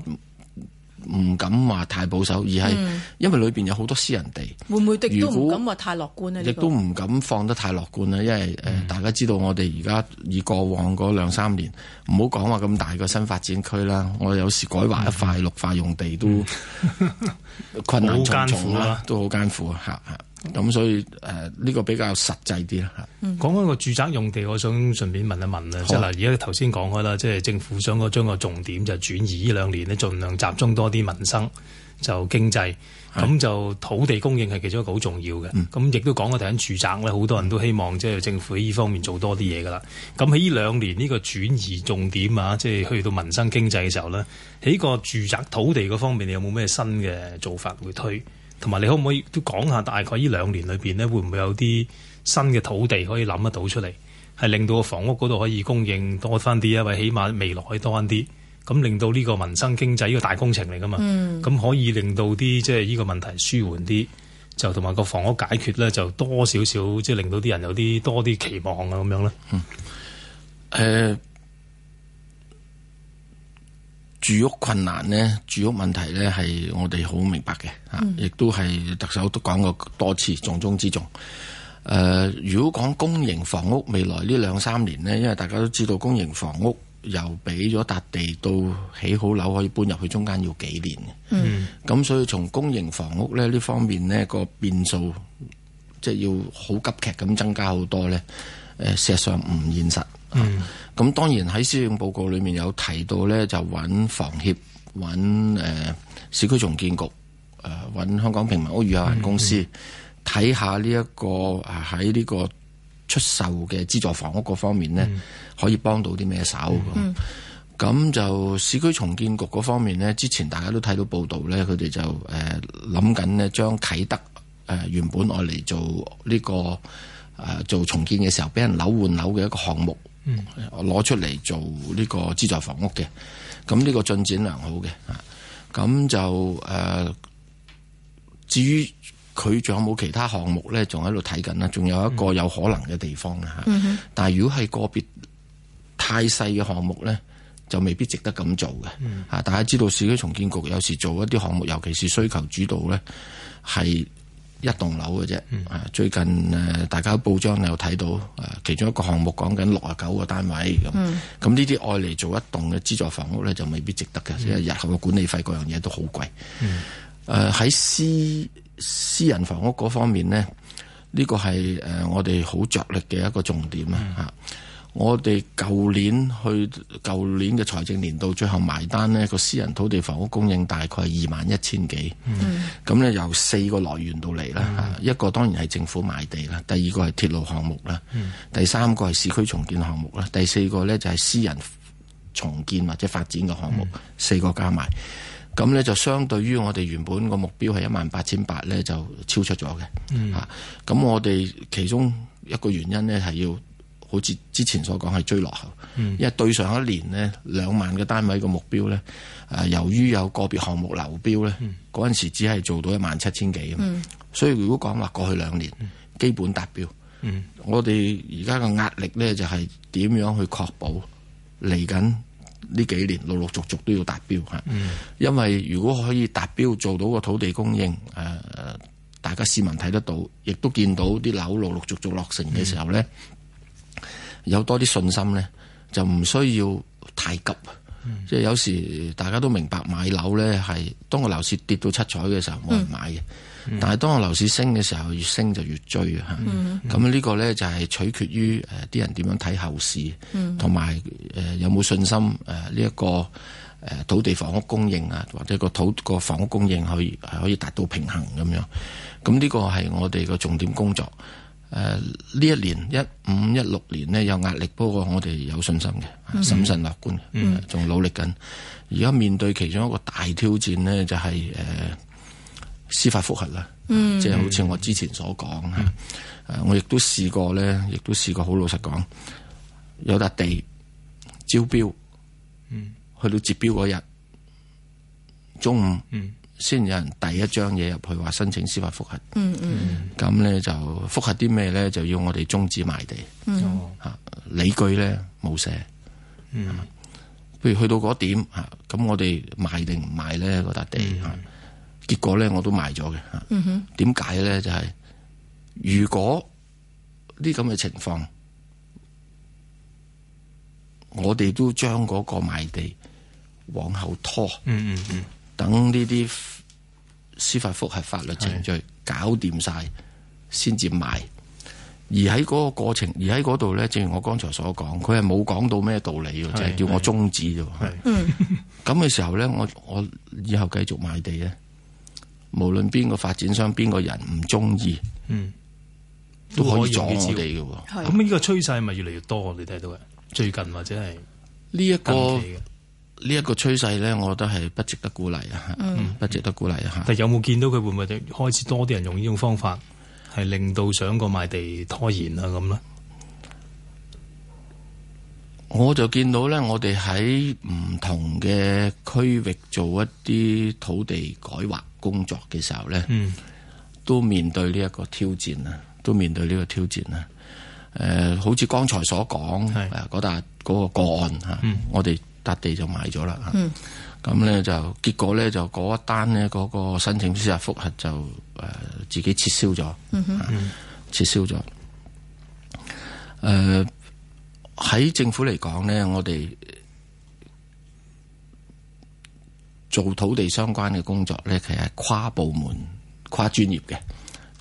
Speaker 5: 唔敢話太保守，而係因為裏邊有好多私人地，
Speaker 4: 嗯、果會唔會亦都唔敢話太樂觀呢？亦都唔
Speaker 5: 敢放得太樂觀啦，因為誒、嗯、大家知道我哋而家以過往嗰兩三年，唔好講話咁大個新發展區啦，我有時改話一塊綠化用地都、嗯、 困難重重啦，艱啊、都好艱苦吓吓。咁所以誒呢、呃這個比較實際啲啦。
Speaker 3: 講開個住宅用地，我想順便問一問好即係嗱，而家頭先講開啦，即係政府想將個重點就轉移呢兩年呢，盡量集中多啲民生就經濟，咁是就土地供應係其中一個好重要嘅。咁亦都講過睇緊住宅咧，好多人都希望即係、嗯、政府喺呢方面做多啲嘢噶啦。咁喺呢兩年呢個轉移重點啊，即係去到民生經濟嘅時候咧，喺個住宅土地嗰方面，你有冇咩新嘅做法會推？同埋，你可唔可以都講下大概呢兩年裏面咧，會唔會有啲新嘅土地可以諗得到出嚟，係令到個房屋嗰度可以供應多翻啲啊？或起碼未來可以多翻啲，咁令到呢個民生經濟呢、呢個大工程嚟噶嘛？咁、嗯、可以令到啲即係呢個問題舒緩啲，就同埋個房屋解決咧，就多少少即係令到啲人有啲多啲期望啊咁樣呢？嗯呃
Speaker 5: 住屋困難呢，住屋問題呢，係我哋好明白嘅。啊、嗯，亦都係特首都講過多次，重中之重。誒、呃，如果講公營房屋未來呢兩三年呢，因為大家都知道公營房屋由俾咗笪地到起好樓可以搬入去中間要幾年嗯，咁所以從公營房屋咧呢呢方面呢個變數，即係要好急劇咁增加好多呢，誒、呃，事實上唔現實，嗯。咁當然喺施政報告裏面有提到咧，就揾房協揾誒市區重建局誒揾、呃、香港平民屋宇有限公司睇、嗯嗯、下呢、這、一個喺呢個出售嘅資助房屋嗰方面咧，嗯、可以幫到啲咩手咁。咁、嗯嗯、就市區重建局嗰方面咧，之前大家都睇到報道咧，佢哋就誒諗緊咧，將、呃、啟德誒、呃、原本愛嚟做呢、這個誒、呃、做重建嘅時候，俾人樓換樓嘅一個項目。攞、嗯、出嚟做呢個資助房屋嘅，咁呢個進展良好嘅，啊，咁就誒，至於佢仲有冇其他項目咧，仲喺度睇緊啦，仲有一個有可能嘅地方嘅吓，嗯、但係如果係個別太細嘅項目咧，就未必值得咁做嘅，嗯、啊，大家知道市區重建局有時做一啲項目，尤其是需求主導咧，係。一棟樓嘅啫，最近、呃、大家報章有睇到、呃，其中一個項目講緊六啊九個單位咁，咁呢啲愛嚟做一棟嘅資助房屋咧就未必值得嘅，即係、嗯、日後嘅管理費各樣嘢都好貴。喺、嗯嗯呃、私私人房屋嗰方面咧，呢、這個係、呃、我哋好着力嘅一個重點、嗯、啊！我哋舊年去舊年嘅財政年度最後埋單呢、個私人土地房屋供應大概係二萬一千幾。咁、mm hmm. 呢由四個來源到嚟啦，mm hmm. 一個當然係政府賣地啦，第二個係鐵路項目啦，mm hmm. 第三個係市區重建項目啦，第四個呢就係、是、私人重建或者發展嘅項目。Mm hmm. 四個加埋，咁呢，就相對於我哋原本個目標係一萬八千八呢，就超出咗嘅。
Speaker 6: 嚇、
Speaker 7: mm！
Speaker 5: 咁、hmm. 啊、我哋其中一個原因呢，係要。好似之前所講係追落後，因為對上一年呢兩萬個單位嘅目標呢，誒，由於有個別項目流標呢，嗰陣時只係做到一萬七千幾啊嘛。所以如果講話過去兩年基本達標，我哋而家嘅壓力呢，就係點樣去確保，嚟緊呢幾年陸陸續續都要達標啊。因為如果可以達標做到個土地供應，誒，大家市民睇得到，亦都見到啲樓陸陸續續落成嘅時候呢，有多啲信心咧，就唔需要太急。嗯、即係有時大家都明白買樓咧，係當個樓市跌到七彩嘅時候冇人買嘅。嗯、但係當個樓市升嘅時候，越升就越追咁呢、嗯嗯、個咧就係取決於誒啲人點樣睇後市，同埋誒有冇信心誒呢一個誒、呃、土地房屋供應啊，或者個土個房屋供應可以可以達到平衡咁樣。咁呢個係我哋個重點工作。誒，呢、呃、一年一五一六年呢有壓力，不過我哋有信心嘅，審慎樂觀嘅，仲、嗯、努力緊。而家面對其中一個大挑戰呢就係、是、誒、呃、司法覆核啦，即係、嗯、好似我之前所講。誒、嗯，嗯、我亦都試過咧，亦都試過好老實講，有笪地招標，去到截標嗰日中午。嗯先有人第一張嘢，入去話申請司法覆核咁咧、嗯嗯、就覆核啲咩咧？就要我哋終止賣地，啊、嗯、理據咧冇寫，沒寫嗯、譬如，去到嗰點，咁我哋賣定唔賣咧，嗰笪地，嗯嗯、結果咧我都賣咗嘅，點解咧就係、是、如果呢咁嘅情況，我哋都將嗰個賣地往後拖，嗯嗯嗯。嗯嗯等呢啲司法覆核法律程序搞掂晒，先至賣。而喺嗰個過程，而喺嗰度咧，正如我剛才所講，佢係冇講到咩道理，是的 就係叫我中止啫。咁嘅時候咧，我我以後繼續賣地咧，無論邊個發展商、邊個人唔中意，嗯，嗯，嗯，都可以阻我哋
Speaker 3: 嘅。咁呢的的個趨勢咪越嚟越多，你睇到嘅最近或者係呢一個。呢一個趨勢咧，我覺得係不值得鼓勵啊！嗯、不值得鼓勵啊、嗯嗯！但有冇見到佢會唔會開始多啲人用呢種方法，係令到想過賣地拖延啊？咁呢，
Speaker 5: 我就見到咧，我哋喺唔同嘅區域做一啲土地改劃工作嘅時候咧、嗯，都面對呢一個挑戰啊！都面對呢個挑戰啊！誒，好似剛才所講，係嗰笪嗰個個案吓，嗯、我哋。地就買咗啦，咁呢就結果呢，就嗰一單咧，嗰個申請司法覆核就誒自己撤銷咗，嗯嗯、撤銷咗。誒、呃、喺政府嚟講呢，我哋做土地相關嘅工作呢，其實係跨部門、跨專業嘅，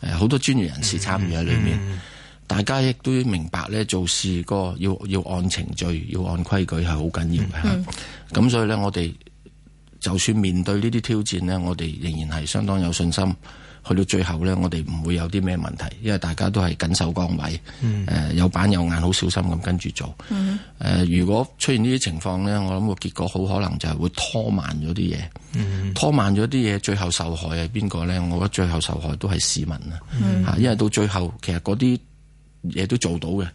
Speaker 5: 誒好多專業人士參與喺裏面。嗯嗯大家亦都明白咧，做事個要要按程序，要按規矩係好緊要嘅。咁、
Speaker 6: mm
Speaker 5: hmm. 所以咧，我哋就算面對呢啲挑戰呢，我哋仍然係相當有信心。去到最後呢，我哋唔會有啲咩問題，因為大家都係緊守崗位，誒、mm
Speaker 7: hmm. 呃、
Speaker 5: 有板有眼，好小心咁跟住做。誒、mm hmm. 呃，如果出現呢啲情況呢，我諗個結果好可能就係會拖慢咗啲嘢。Mm hmm. 拖慢咗啲嘢，最後受害係邊個呢？我覺得最後受害都係市民
Speaker 7: ，mm hmm.
Speaker 5: 因為到最後其實嗰啲。嘢都做到嘅，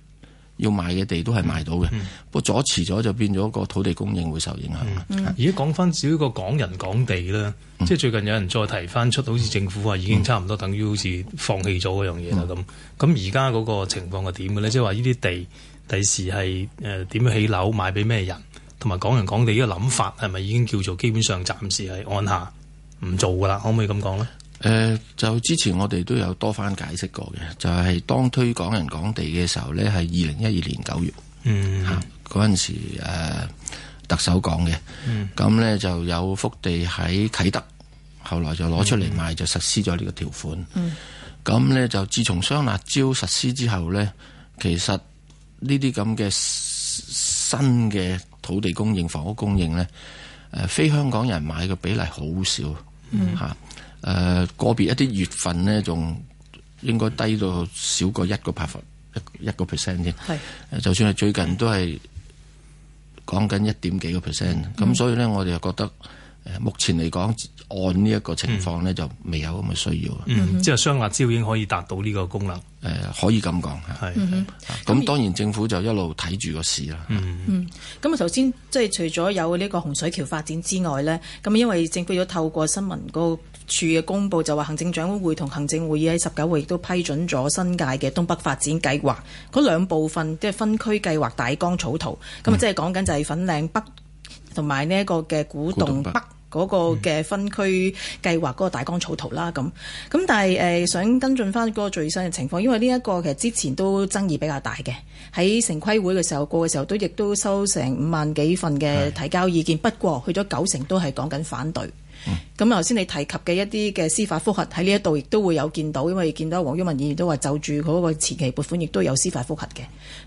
Speaker 5: 要賣嘅地都係賣到嘅，嗯、不過阻遲咗就變咗個土地供應會受影
Speaker 3: 響。而家講翻少一個港人港地啦，嗯、即係最近有人再提翻出，好似政府話已經差唔多等於好似放棄咗嗰樣嘢啦咁。咁而家嗰個情況係點嘅咧？即係話呢啲地第時係誒點樣起樓，賣俾咩人，同埋港人港地呢個諗法係咪已經叫做基本上暫時係按下唔做噶啦？可唔可以咁講咧？
Speaker 5: 誒、呃，就之前我哋都有多番解釋過嘅，就係、是、當推港人港地嘅時候呢係二零一二年九
Speaker 3: 月，吓
Speaker 5: 嗰陣時誒、呃、特首講嘅，咁、嗯、呢就有幅地喺啟德，後來就攞出嚟賣，嗯、就實施咗呢個條款。咁、嗯、呢，就自從雙辣椒實施之後呢，其實呢啲咁嘅新嘅土地供應、房屋供應呢，誒、呃，非香港人買嘅比例好少，
Speaker 7: 吓、
Speaker 5: 嗯。啊誒、呃、個別一啲月份呢，仲應該低到少過一個百分一一個 percent 添。係，是就算係最近都係講緊一點幾個 percent。咁、嗯、所以呢，我哋就覺得誒目前嚟講，按呢一個情況呢，就未有咁嘅需要。嗯哼，嗯哼
Speaker 3: 即係雙辣招已經可以達到呢個功能。
Speaker 5: 誒、呃，可以咁講。咁當然政府就一路睇住個市啦。
Speaker 4: 咁啊、嗯哼，頭先、嗯、即係除咗有呢個洪水橋發展之外呢，咁因為政府要透過新聞嗰處嘅公佈就話行政長官會同行政會議喺十九會亦都批准咗新界嘅東北發展計劃嗰兩部分，即係分區計劃大綱草圖，咁啊、嗯、即係講緊就係粉嶺北同埋呢一個嘅古洞北嗰個嘅分區計劃嗰個大綱草圖啦，咁咁但係誒想跟進翻嗰個最新嘅情況，因為呢一個其實之前都爭議比較大嘅，喺城規會嘅時候過嘅時候都亦都收成五萬幾份嘅提交意見，是不過去咗九成都係講緊反對。咁頭先你提及嘅一啲嘅司法覆核喺呢一度亦都會有見到，因為見到黃毓民議員都話就住嗰個前期撥款，亦都有司法覆核嘅。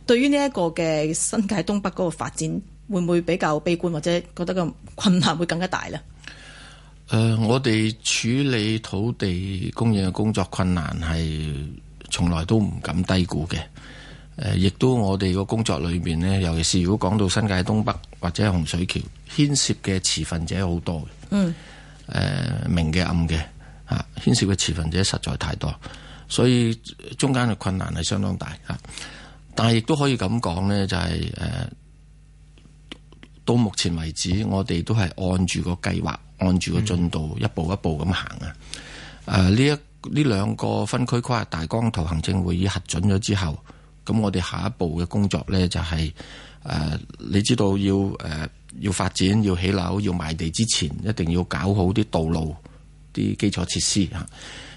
Speaker 4: 對於呢一個嘅新界東北嗰個發展，會唔會比較悲觀，或者覺得個困難會更加大呢？誒、
Speaker 5: 呃，我哋處理土地供應嘅工作困難係從來都唔敢低估嘅。亦、呃、都我哋個工作裏面呢，尤其是如果講到新界東北或者洪水橋，牽涉嘅持份者好多嘅。嗯。誒明嘅暗嘅啊，牽涉嘅持份者實在太多，所以中間嘅困難係相當大啊！但係亦都可以咁講呢就係、是、誒到目前為止，我哋都係按住個計劃，按住個進度，一步一步咁行、嗯、啊！誒呢一呢兩個分區跨大綱圖行政會議核准咗之後，咁我哋下一步嘅工作呢、就是，就係誒，你知道要誒。啊要發展、要起樓、要賣地之前，一定要搞好啲道路、啲基礎設施吓，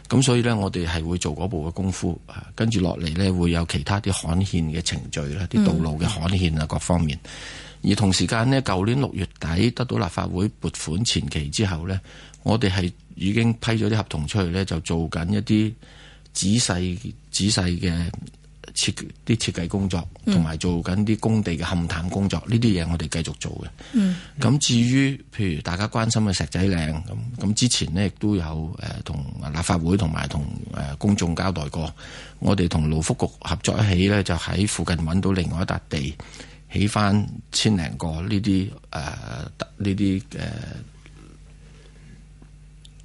Speaker 5: 咁所以呢，我哋係會做嗰步嘅功夫，跟住落嚟呢，會有其他啲刊憲嘅程序啦，啲道路嘅刊憲啊各方面。嗯嗯、而同時間呢，舊年六月底得到立法會撥款前期之後呢，我哋係已經批咗啲合同出去，呢就做緊一啲仔細仔細嘅。設啲設計工作，同埋做緊啲工地嘅勘探工作，呢啲嘢我哋繼續做嘅。咁、嗯嗯、至於譬如大家關心嘅石仔嶺咁，咁之前呢亦都有誒同、呃、立法會同埋同誒公眾交代過，我哋同勞福局合作一起呢，就喺附近揾到另外一笪地，起翻千零個呢啲誒呢啲嘅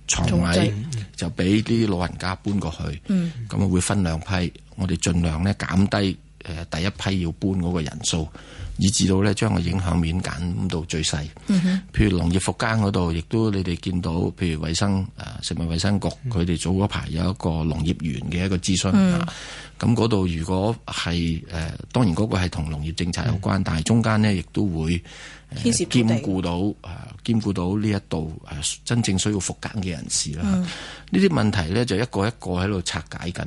Speaker 5: 床位。床就俾啲老人家搬過去，咁啊、嗯、會分兩批，我哋盡量咧減低第一批要搬嗰個人數，以至到咧將個影響面減到最細。譬如農業復耕嗰度，亦都你哋見到，譬如衛生誒食物衛生局，佢哋早嗰排有一個農業園嘅一個諮詢，咁嗰度如果係誒，當然嗰個係同農業政策有關，嗯、但係中間呢亦都會。兼顧到誒，兼顧到呢一度誒，啊啊、真正需要復檢嘅人士啦。呢啲、嗯、問題呢就一個一個喺度拆解緊。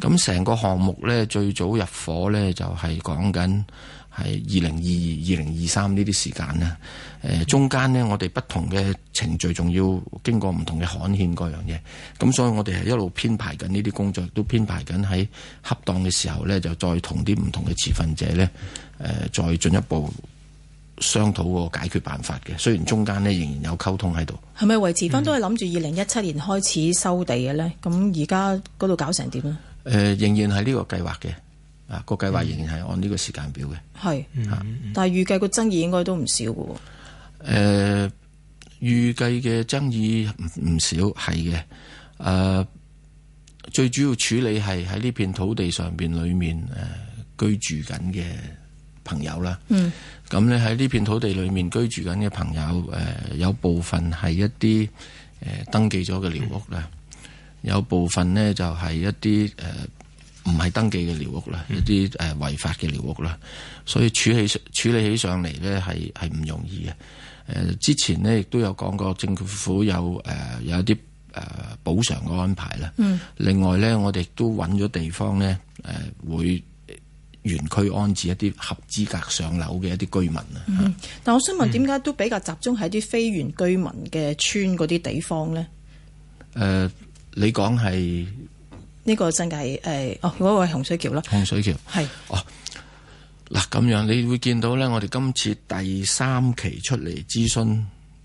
Speaker 5: 咁成個項目呢，嗯、最早入伙呢就係講緊係二零二二、二零二三呢啲時間呢誒，中間呢，我哋不同嘅程序，仲要經過唔同嘅刊憲各樣嘢。咁、嗯、所以我哋係一路編排緊呢啲工作，都編排緊喺恰當嘅時候呢，就再同啲唔同嘅持份者呢，誒、呃，再進一步。商討個解決辦法嘅，雖然中間呢仍然有溝通喺度。
Speaker 4: 係咪維持翻、嗯、都係諗住二零一七年開始收地嘅咧？咁而家嗰度搞成點咧？
Speaker 5: 誒、呃，仍然係呢個計劃嘅，啊，個計劃仍然係按呢個時間表嘅。係，
Speaker 4: 但係預計個爭議應該都唔少嘅喎。
Speaker 5: 誒、呃，預計嘅爭議唔唔少，係嘅。誒、啊，最主要處理係喺呢片土地上邊裏面誒、呃、居住緊嘅朋友啦。嗯。咁咧喺呢片土地裏面居住緊嘅朋友，誒有部分係一啲誒登記咗嘅寮屋啦，有部分呢就係一啲誒唔係登記嘅寮屋啦，一啲誒違法嘅寮屋啦，所以處理處理起上嚟呢係係唔容易嘅。誒之前呢亦都有講過，政府有誒有一啲誒補償嘅安排啦。嗯。另外呢，我哋都揾咗地方呢誒會。原區安置一啲合資格上樓嘅一啲居民啊，嗯，
Speaker 4: 但我想問，點解、嗯、都比較集中喺啲非原居民嘅村嗰啲地方呢？誒、
Speaker 5: 呃，你講係
Speaker 4: 呢個真係誒，哦、呃、嗰、嗰個係洪水橋啦。洪水橋係是哦，
Speaker 5: 嗱咁樣你會見到呢，我哋今次第三期出嚟諮詢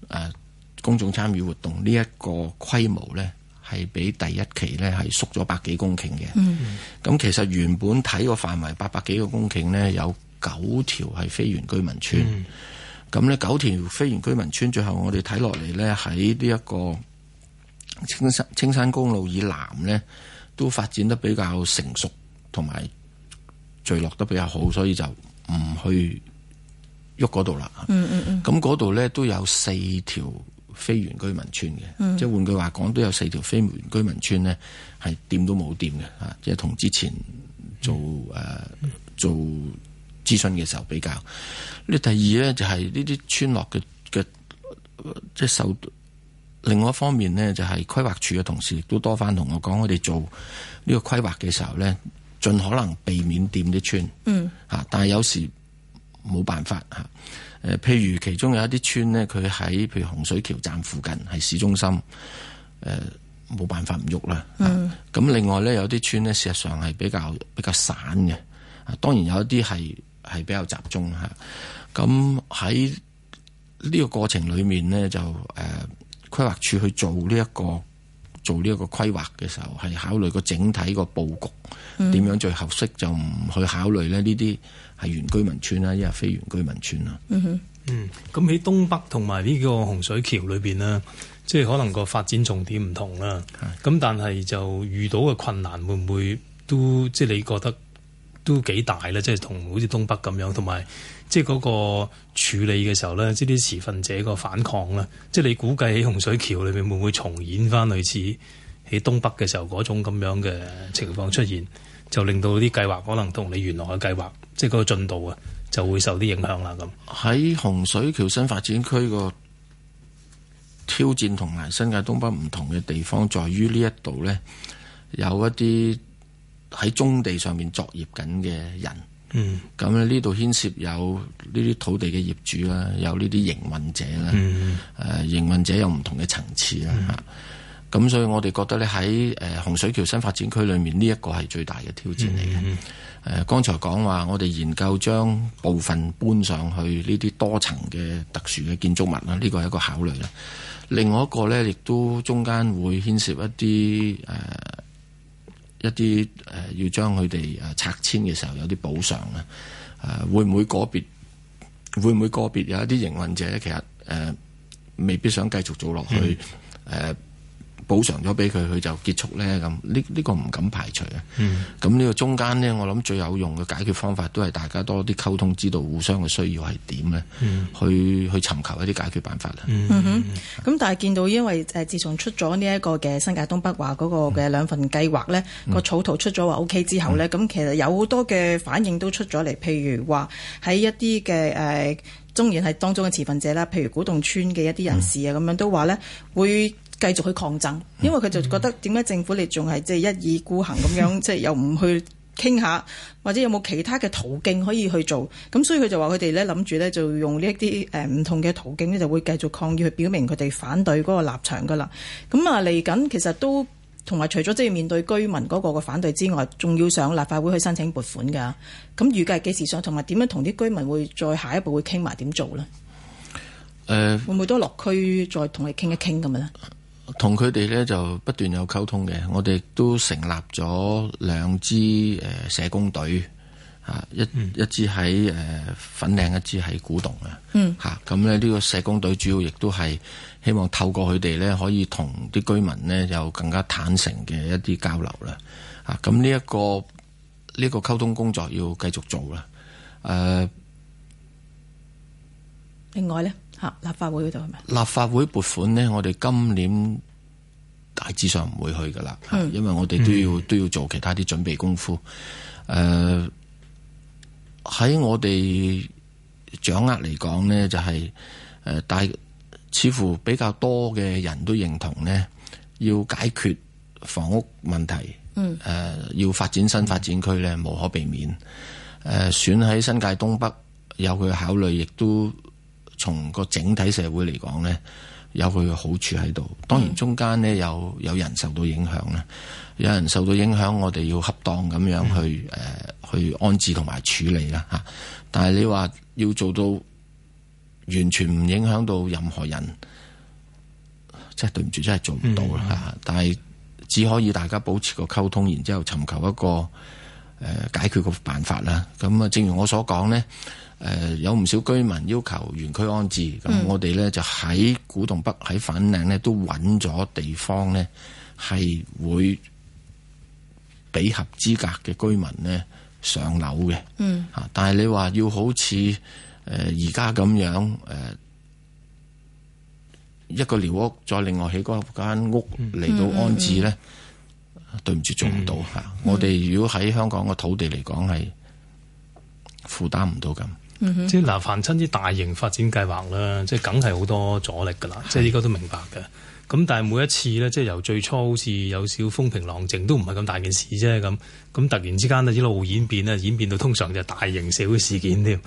Speaker 5: 誒公眾參與活動呢一個規模呢。係比第一期呢係縮咗百幾公頃嘅。咁、嗯、其實原本睇個範圍八百幾個公頃呢，有九條係非原居民村，咁呢九條非原居民村最後我哋睇落嚟呢，喺呢一個青山青山公路以南呢，都發展得比較成熟，同埋聚落得比較好，所以就唔去喐嗰度啦。嗯，咁嗰度呢，都有四條。非原居民村嘅，即係換句話講，都有四條非原居民村咧，係掂都冇掂嘅吓，即係同之前做誒、嗯嗯啊、做諮詢嘅時候比較。呢第二咧就係呢啲村落嘅嘅，即、就、係、是、受另外一方面呢，就係規劃處嘅同事亦都多番同我講，我哋做呢個規劃嘅時候咧，盡可能避免掂啲村，吓、嗯，但係有時冇辦法吓。誒、呃，譬如其中有一啲村呢，佢喺譬如洪水橋站附近，係市中心，誒、呃、冇辦法唔喐啦。咁、mm. 啊、另外咧，有啲村呢，事實上係比較比較散嘅。啊，當然有一啲係係比較集中吓。咁喺呢個過程裏面呢，就誒規劃處去做呢、這、一個。做呢一個規劃嘅時候，係考慮個整體個佈局點樣最合適，就唔去考慮咧呢啲係原居民村啦，一係非原居民村啦。
Speaker 3: 嗯哼、
Speaker 6: mm，hmm.
Speaker 3: 嗯，咁喺東北同埋呢個洪水橋裏邊呢，即係可能個發展重點唔同啦。咁但係就遇到嘅困難會唔會都即係你覺得？都幾大啦，即係同好似東北咁樣，同埋即係嗰個處理嘅時候呢，即係啲持份者個反抗啦。即係你估計喺洪水橋裏面會唔會重演翻類似喺東北嘅時候嗰種咁樣嘅情況出現，就令到啲計劃可能同你原來嘅計劃即係個進度啊，就會受啲影響啦。咁喺洪水橋新發展區個挑戰同埋新界
Speaker 5: 東北唔同嘅地方，在於呢一度呢有一啲，喺棕地上面作業緊嘅人，咁咧呢度牽涉有呢啲土地嘅業主啦，有呢啲營運者啦，誒、嗯呃、營運者有唔同嘅層次啦嚇。咁、嗯啊、所以我哋覺得咧喺誒洪水橋新發展區裏面呢一、這個係最大嘅挑戰嚟嘅。誒、嗯嗯呃、剛才講話我哋研究將部分搬上去呢啲多層嘅特殊嘅建築物啦，呢、這個係一個考慮啦。另外一個咧亦都中間會牽涉一啲誒。呃一啲、呃、要將佢哋、呃、拆遷嘅時候有啲補償咧，誒、呃、會唔會個別會唔會個別有一啲營運者咧，其實、呃、未必想繼續做落去、嗯呃補償咗俾佢，佢就結束咧咁。呢呢個唔敢排除啊。咁呢、嗯、個中間呢，我諗最有用嘅解決方法，都係大家多啲溝通，知道互相嘅需要係點咧，嗯、去去尋求一啲解決辦法啦。嗯
Speaker 4: 哼。咁但係見到，因為自從出咗呢一個嘅新界東北話嗰個嘅兩份計劃咧，個、嗯、草圖出咗話 OK 之後咧，咁、嗯、其實有好多嘅反應都出咗嚟，譬如話喺一啲嘅誒中原係當中嘅持份者啦，譬如古洞村嘅一啲人士啊，咁樣、嗯、都話咧會繼續去抗爭，因為佢就覺得，點解政府你仲係即係一意孤行咁樣，即係 又唔去傾下，或者有冇其他嘅途徑可以去做？咁所以佢就話佢哋咧諗住咧就用呢啲誒唔同嘅途徑咧就會繼續抗議去表明佢哋反對嗰個立場噶啦。咁啊，嚟緊其實都同埋除咗即係面對居民嗰個嘅反對之外，仲要上立法會去申請撥款噶。咁預計幾時上？同埋點樣同啲居民會再下一步會傾埋點做咧？誒、uh，會唔會都落區再同你傾一傾咁樣咧？
Speaker 5: 同佢哋咧就不斷有溝通嘅，我哋都成立咗兩支誒社工隊，一、嗯、一支喺誒粉嶺，一支喺古洞啊。吓咁咧呢個社工隊主要亦都係希望透過佢哋咧，可以同啲居民呢有更加坦誠嘅一啲交流啦。咁呢一個呢、呢個溝通工作要繼續做啦。誒、呃，
Speaker 4: 另外咧。
Speaker 5: 立法會嗰度係咪？立法會撥款呢，我哋今年大致上唔會去㗎喇，mm. 因為我哋都要都要做其他啲準備功夫。誒、呃、喺我哋掌握嚟講呢，就係誒大似乎比較多嘅人都認同呢，要解決房屋問題。嗯、mm. 呃。誒要發展新發展區呢，無可避免。誒、呃、選喺新界東北有佢考慮，亦都。從個整體社會嚟講呢，有佢嘅好處喺度。當然中間呢，有有人受到影響啦，嗯、有人受到影響，我哋要恰當咁樣去誒去安置同埋處理啦吓。嗯、但係你話要做到完全唔影響到任何人，真係對唔住，真係做唔到啦吓。嗯、但係只可以大家保持個溝通，然之後尋求一個解決個辦法啦。咁啊，正如我所講呢。誒、呃、有唔少居民要求園區安置，咁、嗯、我哋咧就喺古洞北喺粉嶺咧都揾咗地方咧，係會俾合資格嘅居民咧上樓嘅。嗯，嚇,但係你話要好似誒而家咁樣誒、呃、一個寮屋，再另外起嗰間屋嚟到安置咧，嗯、對唔住做唔到吓，嗯、我哋如果喺香
Speaker 3: 港嘅土地嚟講，係負擔唔到咁。
Speaker 6: 即
Speaker 3: 係嗱，嗯、凡親啲大型發展計劃啦，即係梗係好多阻力㗎啦。即係依家都明白嘅。咁的但係每一次咧，即係由最初好似有少風平浪靜，都唔係咁大件事啫。咁咁突然之間呢一路演變咧，演變到通常就大型社會事件添。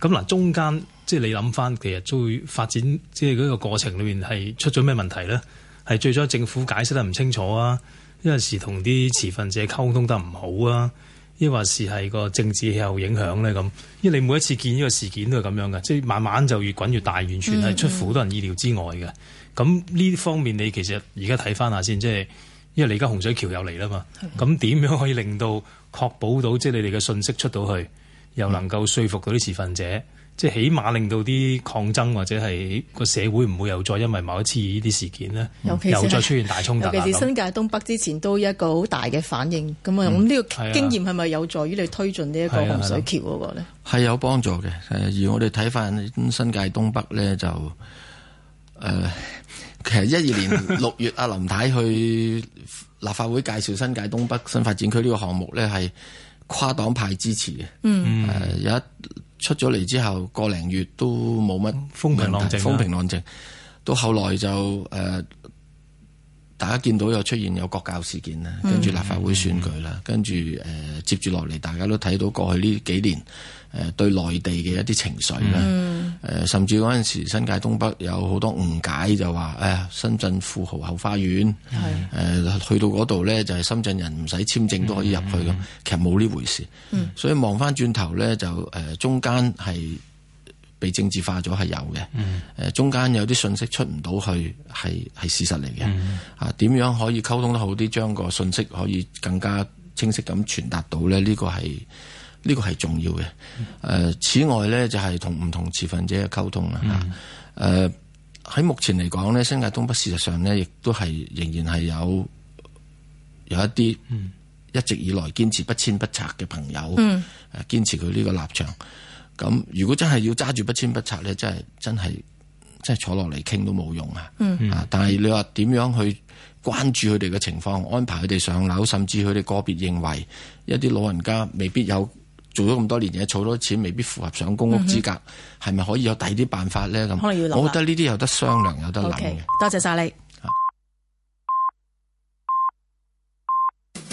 Speaker 3: 咁嗱、嗯，中間即係你諗翻，其實最發展，即係嗰個過程裏面係出咗咩問題咧？係最初政府解釋得唔清楚啊，有陣時同啲持份者溝通得唔好啊。抑或是係個政治氣候影響咧咁，因為你每一次見呢個事件都係咁樣嘅，即係慢慢就越滾越大，完全係出乎好多人意料之外嘅。咁呢、嗯、方面你其實而家睇翻下先看看，即係因為你而家洪水橋又嚟啦嘛，咁點樣可以令到確保到即係你哋嘅信息出到去，又能夠說服到啲持份者？即係起碼令到啲抗爭或者係個社會唔會又再因為某一次呢啲事件呢，嗯、又再出現大衝突。尤其是新
Speaker 4: 界東北之前都有一個好大嘅反應，咁啊、嗯，咁呢個經驗係咪有助於你推進呢一個洪水橋嗰個呢？
Speaker 5: 係、嗯、有幫助嘅，而我哋睇返新界東北呢，就誒、呃，其實一二年六月阿 林太去立法會介紹新界東北新發展區呢個項目呢，係跨黨派支持嘅、嗯呃，有一。出咗嚟之後個零月都冇乜風平浪靜，風平浪靜。到後來就誒、呃，大家見到又出現有國教事件啦，跟住立法會選舉啦，嗯、跟住誒、呃、接住落嚟，大家都睇到過去呢幾年。誒、呃、對內地嘅一啲情緒咧，誒、嗯呃、甚至嗰陣時新界東北有好多誤解就說，就話誒深圳富豪後花園，誒是、呃、去到嗰度咧就係、是、深圳人唔使簽證都可以入去咯。嗯、其實冇呢回事，嗯、所以望翻轉頭咧就誒、呃、中間係被政治化咗係有嘅，誒、嗯呃、中間有啲信息出唔到去係係事實嚟嘅。嗯、啊，點樣可以溝通得好啲，將個信息可以更加清晰咁傳達到咧？呢、這個係呢個係重要嘅。誒、呃，此外呢，就係同唔同持份者嘅溝通啦吓，誒、嗯，喺、啊呃、目前嚟講呢，新界東北事實上呢，亦都係仍然係有有一啲一直以來堅持不遷不拆嘅朋友，誒、嗯，堅、啊、持佢呢個立場。咁如果真係要揸住不遷不拆呢，真係真係真係坐落嚟傾都冇用啊，嗯、啊！但係你話點樣去關注佢哋嘅情況，安排佢哋上樓，甚至佢哋個別認為一啲老人家未必有。做咗咁多年嘢，儲多錢未必符合上公屋資格，係咪、嗯、哼可以有第二啲辦法咧？咁，我覺得呢啲有得商量，有得諗嘅。Okay.
Speaker 4: 多謝晒你。